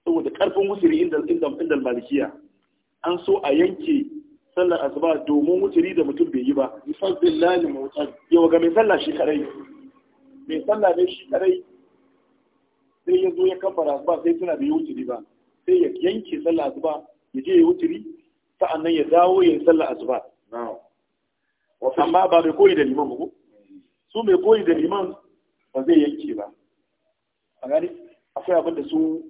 saboda karfin wuturi inda inda inda malikiya an so a yanke sallar asuba domin wuturi da mutum bai yi ba yusallillahi mutan yau ga mai sallah shi kadai mai sallah ne shi kadai sai yanzu ya kabbara asuba sai tana bai wuturi ba sai ya yanke sallar azuba ya je ya wuturi sa'annan ya dawo ya yi sallar asuba amma ba mai koyi da liman ba su mai koyi da liman ba zai yanke ba a gani akwai abin da su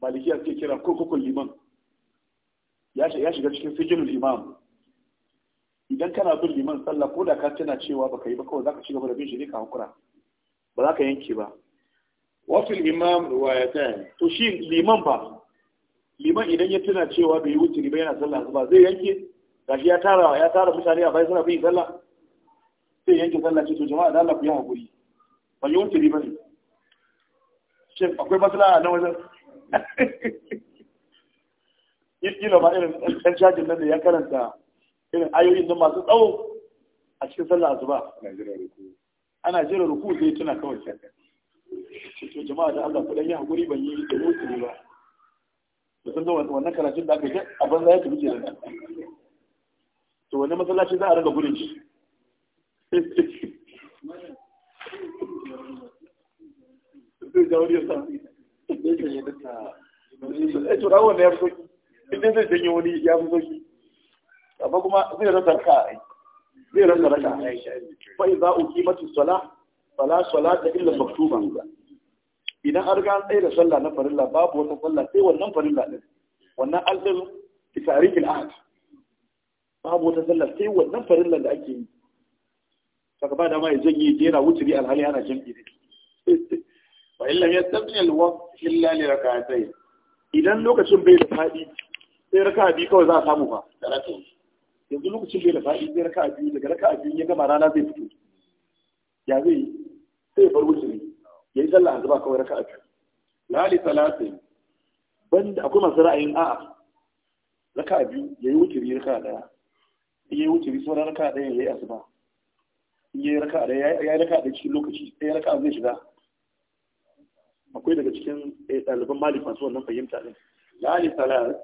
malikiya suke kira kurkukun liman ya shiga cikin sijinul Liman. idan kana bin liman sallah ko da ka tana cewa baka yi ba kawai zaka ci gaba da bin shi ne ka hukura ba za ka yanke ba Wafin imam riwayatan to shi liman ba liman idan ya tuna cewa bai yi wuce ba yana sallah ba zai yanke gashi ya tara ya tara mutane a bayan suna bin sallah sai yanke sallah ce to jama'a da Allah ku yi hakuri ban yi wuce ba ne shin akwai a nan wajen kila <laughs> ba irin ɗan cajin nan da ya karanta irin ayoyin nan masu tsawo a cikin sallah asuba ana Najeriya ruku sai tuna kawai sai to jama'a da Allah ku dan yi hakuri ban yi da wuce ba da sun ga wannan karatun da aka yi a banza ya tafi kenan to wani masallaci za a ranga gudun shi zai ja wani yasa zai eh, tura wanda ya fi soki inda zai janye wani ya fi soki amma kuma zai rasa raka zai rasa raka fa'iza uki uqimatu salah fala salata illa maktuban idan an ga tsaye da sallah na farilla babu wata sallah sai wannan farilla din wannan alɗin fi tarihin ahad babu wata sallah sai wannan farilla da ake yi saka ba dama ya janye je yana wuturi alhali ana jam'i ne <laughs> wa illa ya tabni alwaqt illa li rak'atayn idan lokacin bai da fadi sai raka bi kawai za a samu fa yanzu lokacin bai da fadi sai raka bi, daga raka bi ya gama rana zai fito ya zai sai ya bar wuturi ya yi sallah asuba kawai raka'a biyu lali salatin banda akwai masu ra'ayin a'a raka'a biyu ya yi wuturi raka'a daya in ya yi wuturi sauran raka'a daya ya yi asuba in ya yi raka'a daya ya yi raka'a daya cikin lokaci ɗaya raka'a zai shiga akwai daga cikin eh, ɗaliban malik masu wannan fahimta ɗin lali salat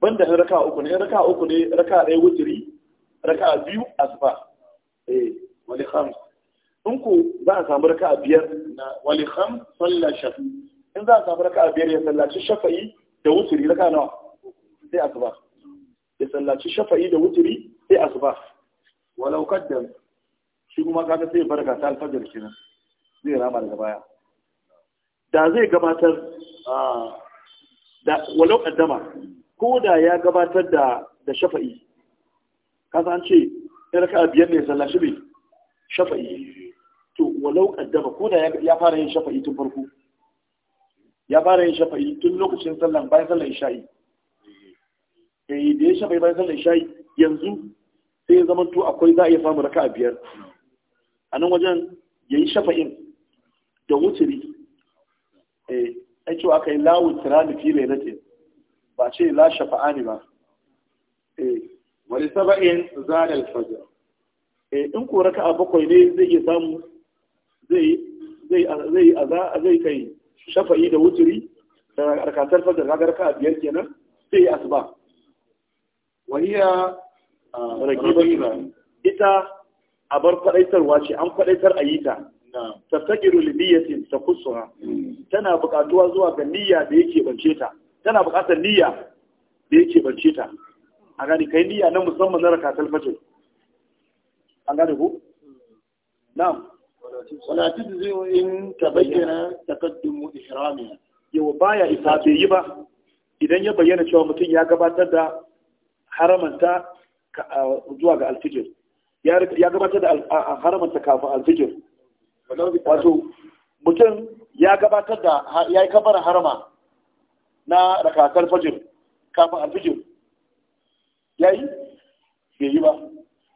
banda na raka'a uku ne raka'a uku ne raka'a daya wuturi raka'a biyu asuba eh wani khamis in za a samu raka'a biyar na wali kham shafi in za a samu raka'a biyar ya sallaci shafa'i da wuturi raka nawa sai asuba ya sallaci shafa'i da wuturi sai asuba walau kaddam shi kuma kaga sai barka ta alfajar kenan zai rama daga baya da zai gabatar da walau kaddama ko da ya gabatar da da shafa'i ka san ce in raka'a biyar ne sallaci bai shafa'i walau kaddama ko da ya fara yin shafa'i tun farko ya fara yin shafa'i tun lokacin sallan bayan sallan isha'i eh da ya shafa'i bayan sallan isha'i yanzu sai ya zama to akwai za a iya samu raka'a biyar a nan wajen yayi shafa'in da wuturi eh ai cewa aka yi lawun tirani fi lailatin ba ce la shafa'ani ba eh wani saba'in zalal fajr eh in ko raka'a bakwai ne zai iya samu zai kai shafa'i da wuturi da rakatar fajar ragar ka biyar kenan sai yi asuba rage ba ita abar faɗaitarwa ce an kwadaitar a yi ta tattakiru libyatin ta kusura tana bukatuwa zuwa ga niyya da yake bance ta tana bukatar niyya da yake bance ta a gani kai niyya na musamman na rakatar fajar an gane ku na'am wala tujzi in tabayyana taqaddumu ihramiha yau baya isa bai yi ba idan ya bayyana cewa mutum ya gabatar da haramanta zuwa ga alfijir ya gabatar da haramanta kafin alfijir wato mutum ya gabatar da ya yi kabarin harama na rakatar fajir kafin alfijir ya yi bai yi ba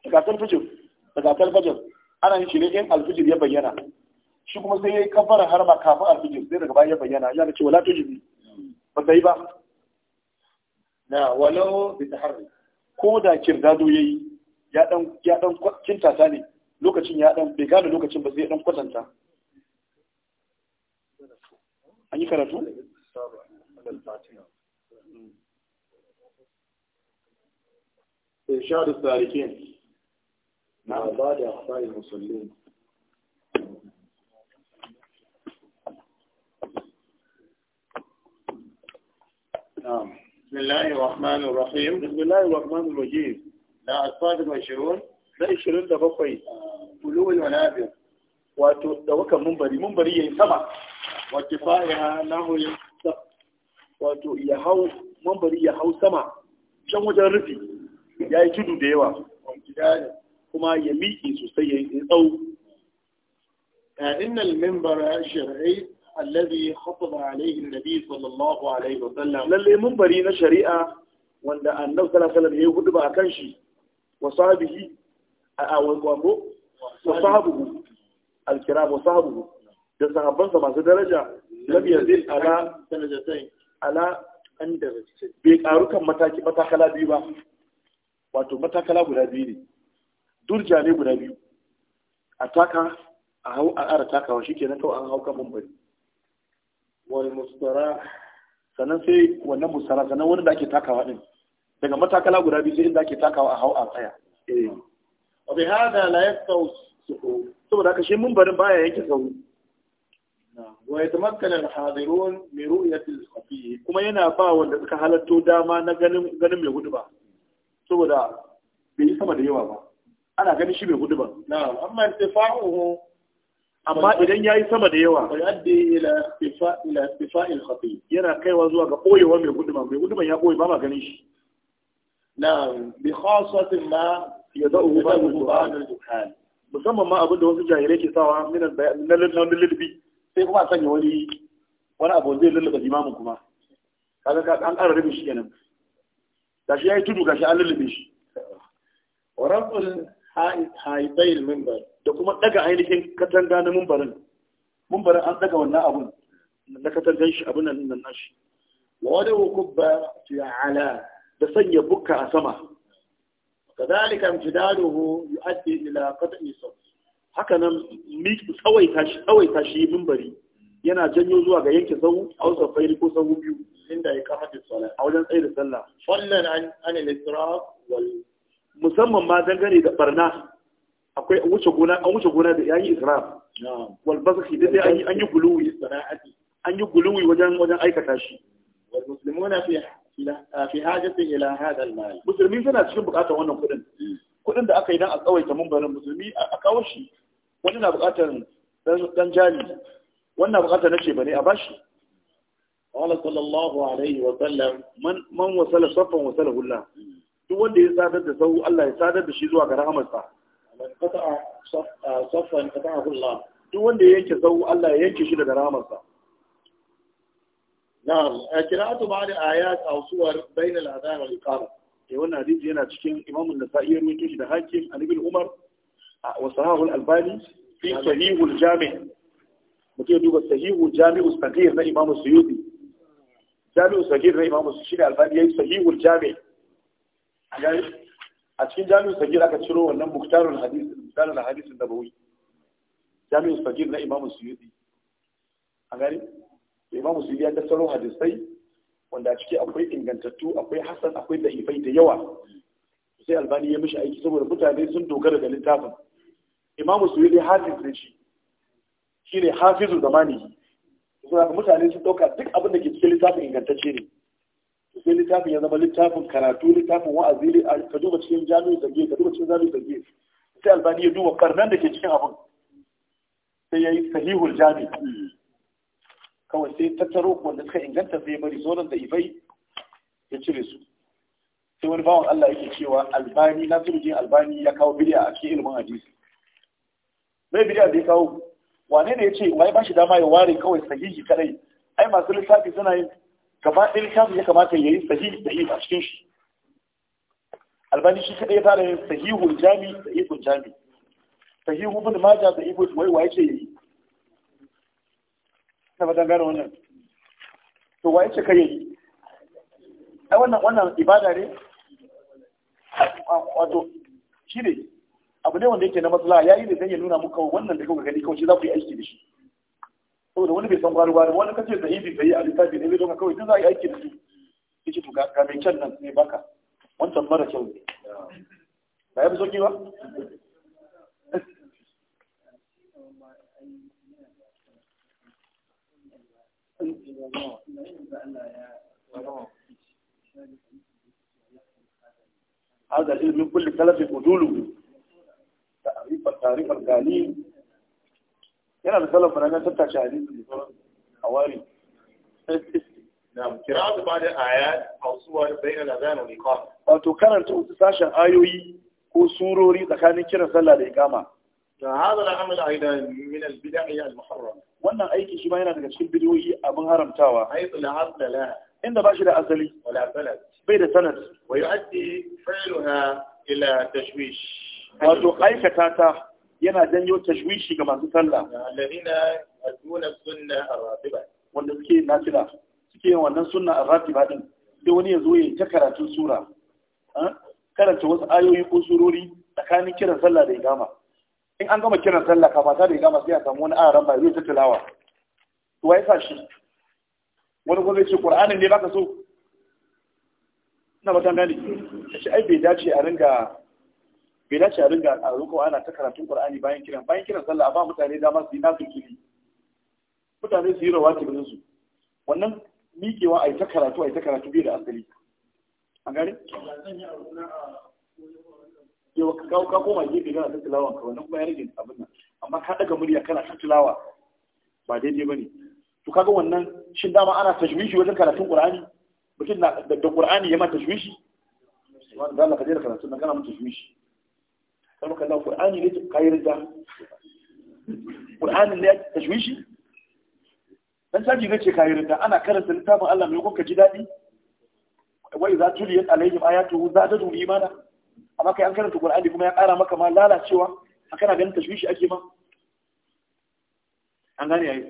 rakatar fajir rakatar fajir ana yin shi ne in alfijir ya bayyana shi kuma sai ya yi kafara har ma kafin alfijir sai daga baya ya bayyana ya da cewa la jibi, ba ta yi ba na walau bi taharri ko da kirdado yayi ya dan ya dan ne lokacin ya dan bai gane lokacin ba sai ya dan kwatanta an yi karatu irshadu salikin بعد أخطاء المصلين نعم بسم الله الرحمن الرحيم بسم الله الرحمن الرحيم لا الصادق والشرون لا الشرون ده بقي قلوب المنابر وتوكل منبري منبري يا سما وارتفاعها نحو wato ya hau mambari ya hau sama can wajen rufi ya yi tudu da yawa kuma ya miƙe sosai ya yi tsawo innal minbara shar'i alladhi khataba alayhi an-nabi sallallahu alaihi wa sallam lalle minbari na shari'a wanda annabi sallallahu alaihi wa ya hudu ba a kan shi wa sahbihi a wago wa sahbihi Alkira kiram wa sahbihi da sahabbansa masu daraja lam yazil ala darajatain ala an darajatain bai karu mataki matakala biyu ba wato matakala guda biyu ne turja ne guda biyu a taka a hau a ara takawa shi kenan kawai an hau kan bambari Wani mustara sannan sai wannan mustara sannan wani da ake takawa din daga matakala guda biyu sai inda ake takawa a hau a tsaya eh wa bi hada la yastau saboda haka shi mumbarin baya yanke sauri wa yatamakkana al-hadirun min ru'yati al-khafi kuma yana ba wanda suka halatto dama na ganin ganin mai gudu ba saboda bai yi sama da yawa ba ana ganin shi bai hudu ba na'am amma intifa'uhu amma idan yayi sama da yawa yaddi ila istifa ila istifa'il khatib yana kaiwa zuwa ga koyewa mai hudu mai hudu ya koyi ba ma ganin shi na'am bi khasatin ma yad'uhu ba'd al-duhan musamman ma abin da wasu jahilai ke sawa min al-lullubi sai kuma sanya wani wani abu zai lulluba limamin kuma kaga ka an ƙara rubi shi kenan gashi yayi tudu gashi an lullube shi wa raful haibayil mimbar da kuma daga ainihin katanga na mimbarin mimbarin an daga wannan abun na katangan shi abin nan nan shi wa su ya ala da sanya bukka a sama kadhalika yi yuaddi ila qat'i iso haka nan mi tsawaita shi mimbari yana janyo zuwa ga yanke sau a wasu fairi ko sau biyu inda ya kama da sallah a wajen tsaye da sallah wannan an an al-istiraf wal musamman ma dangane da barna akwai an wuce gona an wuce gona da yayi israf wal basqi da dai yi an yi guluwi an yi guluwi wajen wajen aikata shi wal muslimuna fi fi hajati ila hada al mal musulmi suna cikin bukatar wannan kudin hmm. kudin da aka yi dan a tsawaita mumbarin musulmi a kawo shi wani na bukatar dan jari wannan bukatar nace bane a bashi قال صلى الله عليه وسلم من من وصل صفا وصله الله duk wanda ya sadar da sau Allah ya sadar da shi zuwa ga rahamarsa duk wanda ya yanke sau Allah ya yanke shi daga rahamarsa na'am a kira'atu ba da ayat a suwar bainal adhan wal iqama eh wannan hadisi yana cikin Imam an-Nasa'i rawaito shi da Hakim a ibn Umar a sahahu al-Albani fi sahih al-Jami' mutum duba sahih al-Jami' as na Imam Suyuti Jami' as-Saghir na Imam Suyuti shi ne Albani yayi sahih al-Jami' a cikin jami'in sagir aka ciro wannan muktarul hadis muktarul hadis da bawai jami'in sagir na imamu suyuti a gari imamu suyuti ya tattaro hadisai wanda a ciki akwai ingantattu akwai hasan akwai da'ifai da yawa sai albani ya mishi aiki saboda mutane sun dogara da littafin imamu suyuti hafiz ne shi Shi ne hafizu zamani saboda mutane sun dauka duk abin da ke cikin littafin ingantacce ne sai littafin ya zama littafin karatu littafin wa'azi ka duba cikin jami'in zage ka duba cikin jami'in zage sai albani ya duba karnan da ke cikin abin sai ya yi sahihul jami kawai sai tattaro wanda suka inganta sai bari zonan da ifai ya cire su sai wani bawan Allah yake cewa albani na turje albani ya kawo bidiya a cikin ilimin hadisi mai bidiya da ya kawo wane ne ya ce wai ba shi dama ya ware kawai sahihi kadai ai masu lissafi suna yin gaba ɗaya kafin ya kamata ya yi sahihi da a cikin shi albani shi kaɗai ya fara yin sahihul jami da ikon jami sahihu bin maja da ikon wai wa yake yi na fatan gane wannan to wa yake kai yi a wannan wannan ibada ne wato shi ne abu ne wanda yake na matsala ya yi da zai nuna muka wannan da kuka gani kawai za ku yi aiki da shi saboda wani bai san gwari gwari wani kace da ibi bai a littafi ne don zo kawai duk za a yi aiki da su yace to ga mai can nan ne baka wancan mara kyau ne ba ya fi sauki ba هذا العلم من كل سلف أدوله تعريف التعريف الغالي هنا الخلف من أنا ستة شهدين حوالي نعم كراز بعد آيات أو صور بين الأذان والإقامة أو تكرر تؤسسة آيوي وصوروري دخان كرا صلى الإقامة هذا العمل أيضا من البدعية المحرم وانا أيك شما هنا تكشف البدوية أبن هرم تاوى حيث لعظنا لا عند باشر أزلي ولا بلد بيد سند ويؤدي فعلها إلى تشويش وتقيك تاتا yana janyo tashwishi ga masu sallah alladhina sunna wanda suke yin nafila suke yin wannan sunna ar rafi din sai wani ya zo ya ta karatun sura karanta wasu ayoyi ko surori tsakanin kiran sallah da igama in an gama kiran sallah kamata da igama sai a samu wani aran ba zai ta tilawa to wai sa shi wani kuma zai ce qur'anin ne baka so ina ba ta gani shi ai bai dace a ringa bai dace a ringa a ruko ana ta karatun qur'ani bayan kiran bayan kiran sallah ba mutane dama su yi nasu kili mutane su yi rawatibin su wannan miƙewa a yi ta karatu a yi ta karatu bai da asali an gane yau ka ka koma gefe kana ta tilawa ka wannan kuma ya rage abin nan amma ka daga murya kana ta tilawa ba daidai ne. to kaga wannan shin dama ana tashwishi wajen karatun qur'ani mutum na da qur'ani ya ma tashwishi wanda Allah ka je da karatun nan kana mu tashwishi kama kaza ƙur'ani ne ka yi rida qur'ani ne tashwishi dan saji ne ce ka yi ana karanta littafin Allah mai kuka ji daɗi. dadi wa idza tuliyat alaihim ayatuhu zadatuhum imana amma kai an karanta ƙur'ani kuma ya ƙara maka ma lalacewa na ganin tashwishi ake ma an gane yayi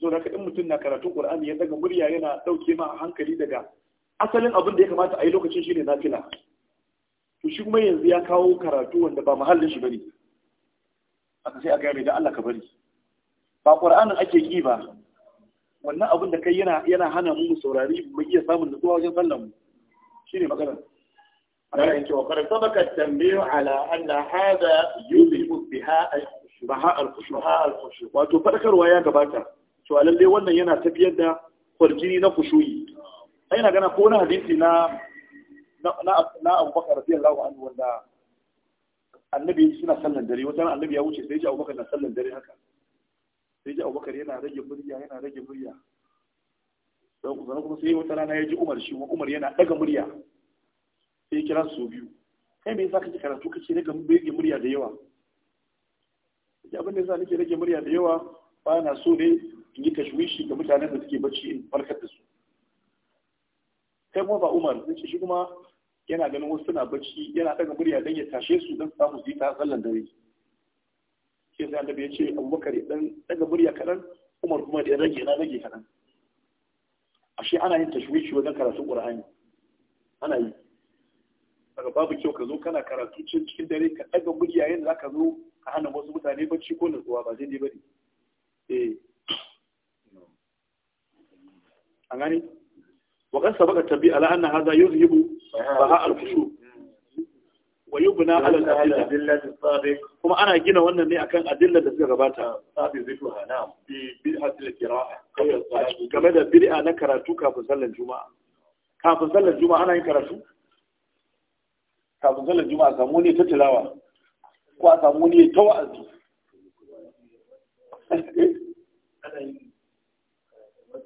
so da in mutum na karatun ƙur'ani, ya daga murya yana dauke ma hankali daga asalin abin da ya kamata a yi lokacin shine nafila to shi kuma yanzu ya kawo karatu wanda ba mahallin shi bane aka sai a gaya mai da Allah ka bari ba Qur'anin ake ki ba wannan abin da kai yana yana hana mu saurari mu iya samun nutsuwa wajen sallan mu shine magana ana yake wa karanta baka tambayo ala anna hada yuzhibu biha al-shubaha al-khushuha al-khushu wato fadakarwa ya gabata to lalle wannan yana tafiyar da kwarjini na kushuyi ai na gana ko na hadisi na na abubakar radiyallahu anhu wanda annabi suna sallan dare wata annabi ya wuce sai ji abubakar na sallan dare haka sai ji abubakar yana rage murya yana rage murya sannan kuma sai wata rana ya ji umar shi umar yana daga murya sai kira su biyu kai me yasa kake karatu kace daga rage murya da yawa ya abin da yasa nake rage murya da yawa ba na so ne in yi tashwishi ga mutanen da suke bacci in farkar da su sai kuma ba umar sun ce shi kuma yana ganin wasu suna bacci yana daga murya don ya tashe su don samu su yi ta tsallan dare sai sai annabi ya ce abubakar ya dan daga murya kaɗan umar kuma da ya rage na rage kaɗan ashe ana yin tashwishi wajen karatun qur'ani ana yi daga babu kyau ka zo kana karatu cikin dare ka daga murya yadda zaka zo ka hana wasu mutane bacci ko nutsuwa ba daidai bane eh an gani Waƙansa baka tambayi a la'annan haza yanzu yi mu ba a albashu. Waye ku na halartar gina wannan ne akan addinin da suka gabata, sabida yi duk wahala. Kame da biyar na karatu kafin sallan juma'a. Kafin sallan juma'a ana yin karatu. Kafin sallan juma'a samu wani ta tilawa, ko a samu wani ya taura a zuciya?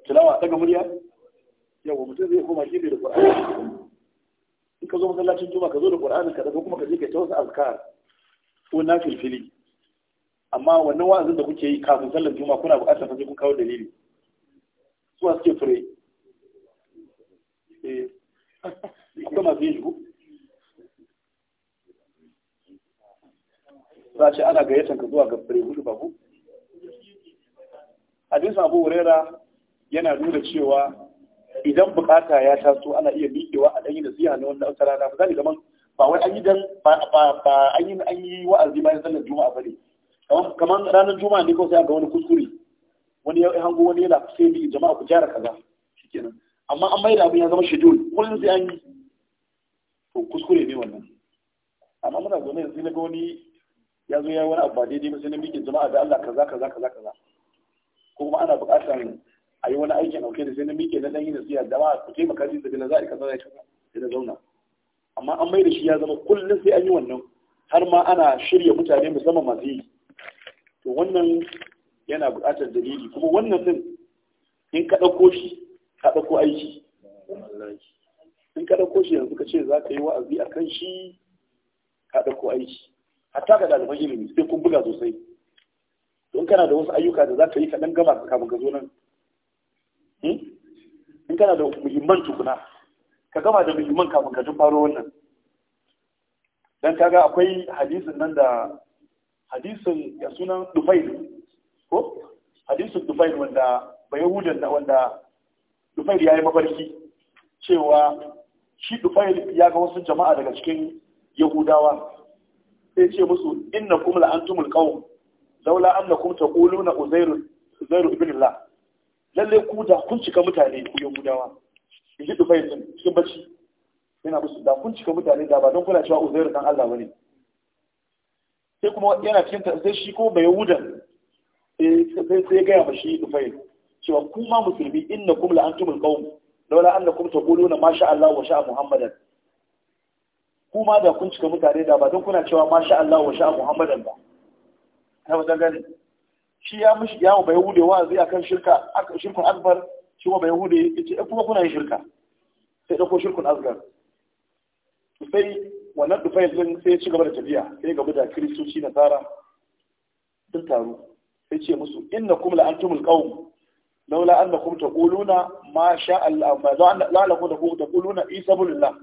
Tilawa a tsaka murya? yawon mutum zai koma gefe da ƙwararri in ka zo masallacin juma'a ka zo da ƙwararri ka zafi kuma ka je ka ta wasu azkar ko na filfili amma wannan wa'azin da kuke yi kafin sallar juma'a kuna buƙatar fa sai kun kawo dalili su suke fure eh <laughs> akwai masu yin shi za ce ana gayyatar ka zuwa ga hudu ba ku hadisin abu wurera yana nuna cewa idan bukata ya taso ana iya miƙewa a ɗanyi siya na wannan wata rana misali gaman ba wai an yi dan ba an yi an yi wa'azi bayan sallar juma'a bane kamar ranar juma'a ne kawai sai ga wani kuskure wani ya hango wani yana sai bi jama'a ku jara kaza shikenan amma an mai da abin ya zama schedule kullum sai an yi to kuskure ne wannan amma muna zaune yanzu na ga wani ya zo ya yi wani abu ba daidai ba sai na miƙe jama'a da Allah kaza kaza kaza kaza ko kuma ana buƙatar a yi wani aikin auke da sai na miƙe na dan yi nasiya da ba ku taimaka ji daga na za'i kaza ya kaza sai na zauna amma an mai da shi ya zama kullum sai an yi wannan har ma ana shirya mutane musamman masu yi to wannan yana buƙatar dalili kuma wannan din in ka ɗauko shi ka ɗauko aiki in ka ɗauko shi yanzu ka ce za ka yi wa'azi a kan shi ka ɗauko aiki hatta ga ɗaliban ilimi sai kun buga sosai don kana da wasu ayyuka da za ka yi ka gama kafin ka zo nan in kana da muhimman tukuna ka gama da muhimman kafin ka tun faro wannan dan kaga akwai hadisin nan da hadisin ya sunan Dufail ko hadisin Dufail wanda bayahudan da wanda Dufail yayi mafarki cewa shi Dufail ya ga wasu jama'a daga cikin Yahudawa sai ce musu innakum la antumul qawm laula annakum taquluna uzairu uzairu ibnillah lalle ku da kun cika mutane ku gudawa in ji dubai sun cikin bacci yana musu da kun cika mutane da ba don kuna cewa uzairu dan Allah bane sai kuma yana cikin sai shi ko bai yahudan eh, sai sai ga ya shi dubai cewa ku ma musulmi innakum la antumul qawm laula annakum taquluna ma sha Allah wa sha Muhammadan ku ma da kun cika mutane da ba don kuna cewa ma sha Allah wa sha Muhammadan ba ta wajen gani shi ya mishi ya bai hude wa'azi akan shirka shirkun azbar shi wa bai hude yace eh kuma kuna yin shirka sai dauko shirkun azgar sai wannan dufai din sai ya ci gaba da tafiya sai gaba da kristoci tsara. sun taru sai ce musu innakum la antumul qawm laula annakum taquluna ma sha Allah ma za la kuma taquluna isa bulillah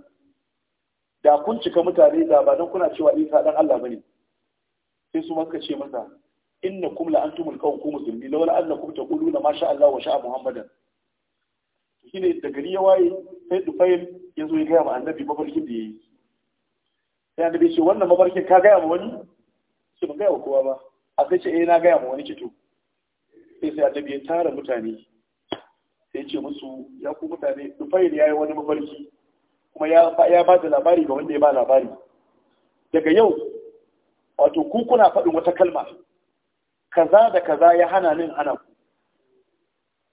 da kun cika mutane da ba dan kuna cewa isa dan Allah bane sai su maka ce masa Inna kum la antumul qawm ku musulmi law la annakum taquluna ma sha Allah wa sha Muhammadan shine da gari ya waye sai Dufail ya zo ya ga annabi mafarkin da yayi sai annabi ya ce wannan mafarkin ka ga ma wani ce ba ga ya kowa ba a sai ce eh na ga ma wani kito sai sai annabi ya tara mutane sai ce musu ya ku mutane Dufail yayi wani mafarki kuma ya ba da labari ga wanda ya ba labari daga yau wato ku kuna faɗin wata kalma kaza da kaza ya hana nin hana ku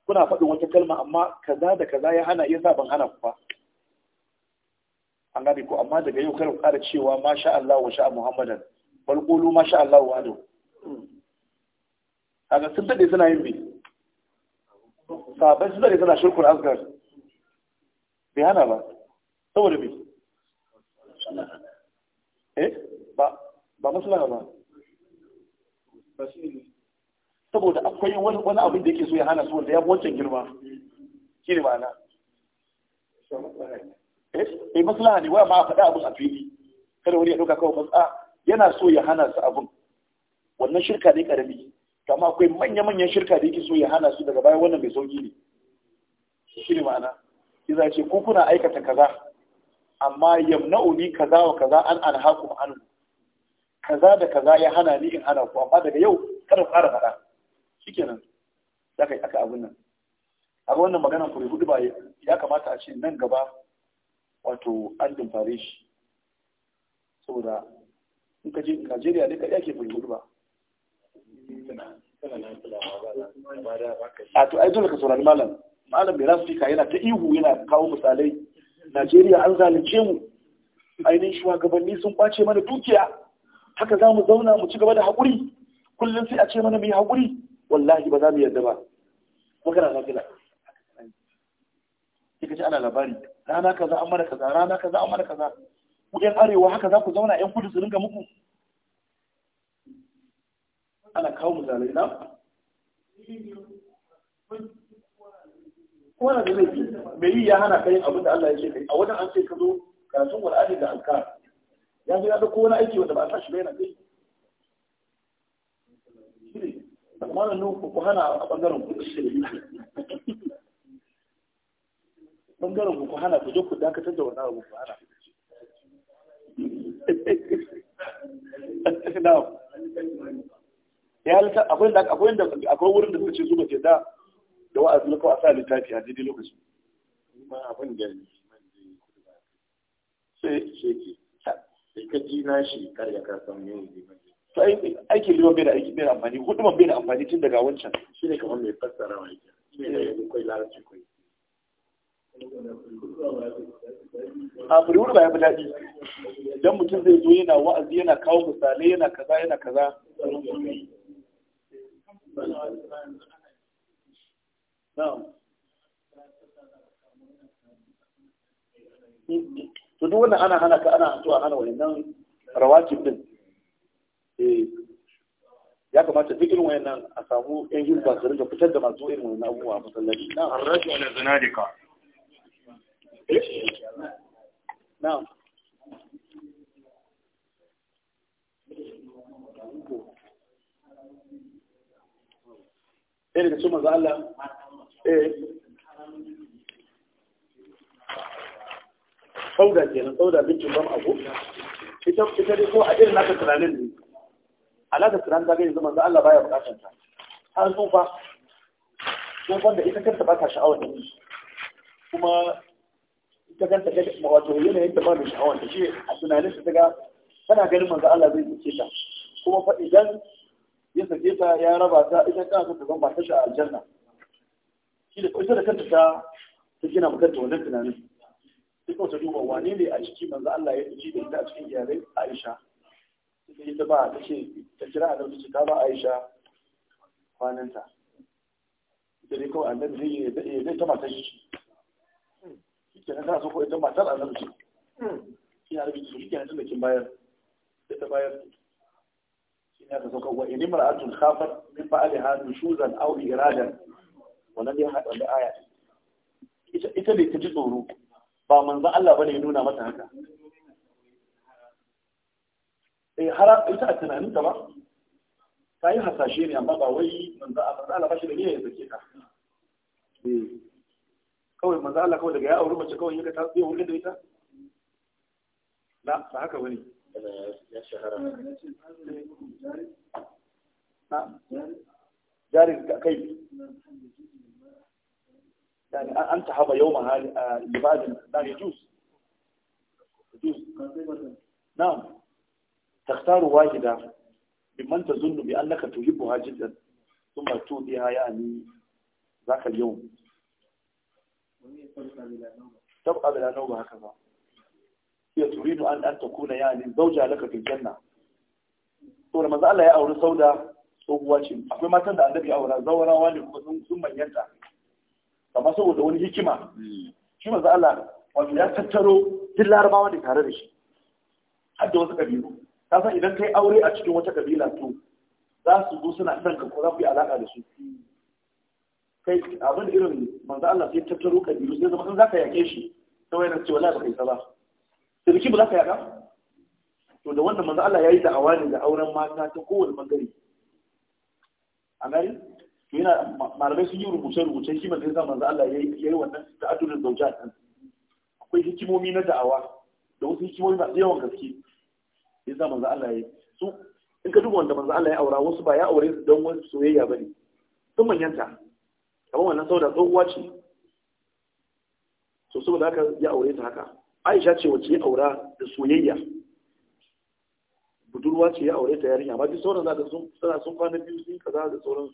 kuna faɗin wata kalma amma kaza da kaza ya hana yasa ban hana ku ba an gabi ku amma daga yau kar ku ƙara cewa masha Allah wa sha Muhammadan bal qulu masha Allah wa adu kaga sun dade suna yin bi sabai sun dade suna shirkul azgar bai hana ba saboda bi eh ba ba maslaha ba saboda akwai wani abin da yake so ya hana su wanda ya fi wancan girma shi ne ma'ana eh, eh maslaha ne wa ma faɗa abin a fili kada wani ya ɗauka kawai matsa yana so ya hana su abin wannan shirka ne karami kama akwai manya-manyan shirka da yake so ya hana su daga baya wannan mai sauki ne shi ne ma'ana iza ce ku kuna aikata kaza amma yamna'uni kaza wa kaza an alhaku anhu kaza da kaza ya hana ni in hana ku amma daga yau kada ku fara faɗa shikenan za ka yi aka abin nan a wannan magana ku hudu ba ya kamata a ce nan gaba wato an dumfare shi saboda in ka je Najeriya ne kaɗai ake mai hudu ba a to ai dole ka saurari malam malam mai rasu yana ta ihu yana kawo misalai Najeriya an zalunce mu ainihin shugabanni sun kwace mana dukiya haka za mu zauna mu ci gaba da haƙuri kullum sai a ce mana mu yi haƙuri wallahi ba za mu yarda ba magana na gina sai ka ji ana labari rana kaza an mana kaza rana kaza an mana kaza ku yan arewa haka za ku zauna yan kudu su ringa muku ana kawo misalai na kowane da laifi mai yi ya hana kayan abin da Allah ya ce kai a wajen an ce ka zo karatun Qur'ani da alkar ya zo ya dauko wani aiki wanda ba a tashi ba yana kai mana nun ku ku hana a bangaren ku bangaren ku ku hana ku je ku dakatar da wannan abu ku hana ya lita akwai da akwai da akwai wurin da suke zuba ke da da wa'azi na kawai a littafi a daidai lokaci ma abin da sai sai ka ji na shi kar ya kasan yau to aikin liman bai da aiki bai da amfani huduman bai da amfani tun daga wancan shi ne kamar mai fassara wa yake shi ne da kai larabci kai a furiwar ba ya fi daɗi idan mutum zai zo yana wa'azi yana kawo misalai yana kaza yana kaza na'am to duk wannan ana hana ka ana hantu a hana wayannan rawatib din eh ya kamata duk irin wayannan a samu ɗan ba su rinka fitar da masu irin wani abubuwa a masallaci na arraju ala zanadika na'am ɗaya daga su maza Allah eh sauda na sauda bincin ban abu ita ita dai ko a irin naka tunanin ne alaka tunanin ta gani zaman da Allah baya bukatar ta har tsufa tsufan da ita kanta ba ta sha'awar da kuma ita kanta ga wato yanayin da ba da sha'awar da shi a tunanin ta ga tana ganin manzo Allah zai fice ta kuma fa idan ya sake ta ya raba ta ita kanta ta zama ba ta sha aljanna shi da ita da kanta ta ta gina maka wannan tunanin sai kawai ta duba wane ne a ciki manzo Allah ya ji da ita a cikin iyalai Aisha sai ta ba ta ce ta kira annabi ta ta ba Aisha kwananta Ita dai kawai annabi zai yi zai ta matar shi kenan ta so ko ita matar annabi ce ina da bisu shi kenan da kin bayar sai ta bayar shi ne aka sauka wa in imra'atun khafat min ba Ali ba'daha nushuzan aw iradan wannan ya hada da aya ita ne ta ji tsoro ba manzan Allah bane ya nuna mata haka eh har ita a tunaninta ba ta yi hasashe ne amma ba wai manzan Allah ba shi da ne ya zake ta kawai manzan Allah kawai daga ya auri mace kawai yaga ta tsaye hulɗa da ita na ba haka bane ya shahara na jarin kai يعني أن تحب يومها لبعض لا يجوز يجوز نعم تختار واحدة بمن تظن بأنك تحبها جدا ثم توديها يعني ذاك اليوم تبقى بلا نوبة هكذا هي تريد أن أن تكون يعني زوجة لك في الجنة to da maza Allah ya auri sauda tsohuwa ce akwai matan da annabi aura zawarawa ne kuma sun manyanta amma saboda wani hikima hmm. shi maza Allah wato ya tattaro duk larabawa da tare da shi har da wasu kabilu ta san idan kai aure a cikin wata kabila to za su zo suna san ka ko za ku yi alaka da su kai abin da irin manzo Allah sai tattaro kabilu sai zama in za ka yake shi ta wayar ce wallahi ba kai ba sirki ba za ka yaka to da wannan manzo Allah ya yi da'awa ne da auren mata ta kowane bangare a gari yana malamai sun yi rubuce rubuce shi manzo Allah manzo Allah ya yi wannan ta'addudul zawjat din akwai hikimomi na da'awa da wasu hikimomi masu yawan gaske yasa manzo Allah ya su in ka duba wanda manzo Allah ya aura wasu ba ya aure su don wani soyayya bane sun manyanta kamar wannan sauda tsohuwa ce to saboda haka ya aure ta haka Aisha ce wacce ya aura da soyayya budurwa ce ya aure ta yarinya Ba duk sauran za ta sun kwana biyu sun kaza da sauransu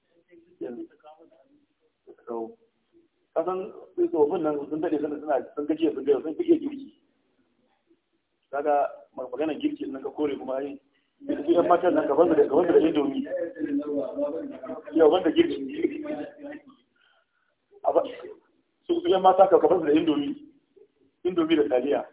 kasan tsofin nan sun daɗe sun suna sun gaji sun gaji sun fi iya girki kaga maganar girki nan ka kore kuma yi su yan matan nan gaban da gaban da indomi yau banda girki su yan mata ka gaban da indomi indomi da taliya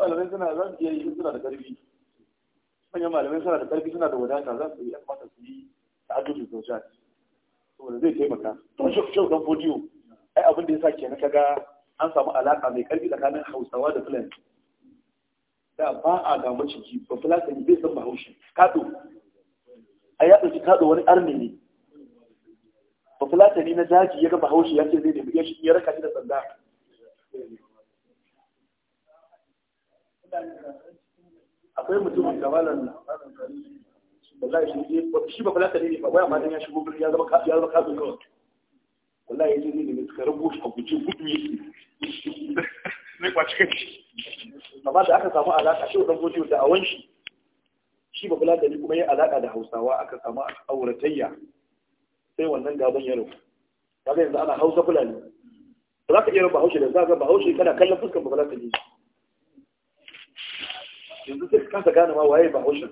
malamai suna za su iya yi suna da ƙarfi manyan malamai suna da ƙarfi suna da wadata za su iya yan mata su yi ta addu'a da saboda zai taimaka to shi shi dan fodiyo ai abin da yasa kenan kaga an samu alaka mai ƙarfi tsakanin Hausawa da Fulani da ba a ga maciji ba Fulani bai san Bahaushe kado ai ya ɗauki kado wani arme ne ba Fulani na daji ya ga Bahaushe ya ce zai nemi ya raka shi da sanda akwai mutumin kamalan wallahi shi shi ba fulata ne ba waya ma dan ya shigo birni ya zama ya zama kafin kawai wallahi yaje ne ne suka rago shi a guje gudu yake ne kwaci kai amma da aka samu alaka shi dan gojo da awan shi shi ba fulata ne kuma ya alaka da Hausawa aka samu auratayya sai wannan gaban ya rufu kaga yanzu ana Hausa fulani ba za ka iya rufa Hausa da za ka ba Hausa kana kallon fuskar ba fulata ne yanzu sai kansa gane ma waye ba haushin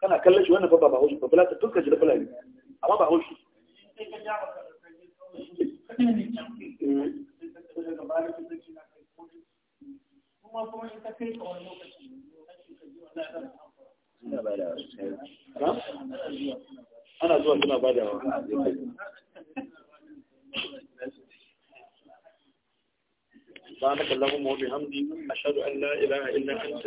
kana kallon shi wannan fa ba ba haushin ba bala ta tuska shi da fulani amma ba haushi ana zuwa suna ba da سبحانك اللهم وبحمدك أشهد أن لا إله إلا أنت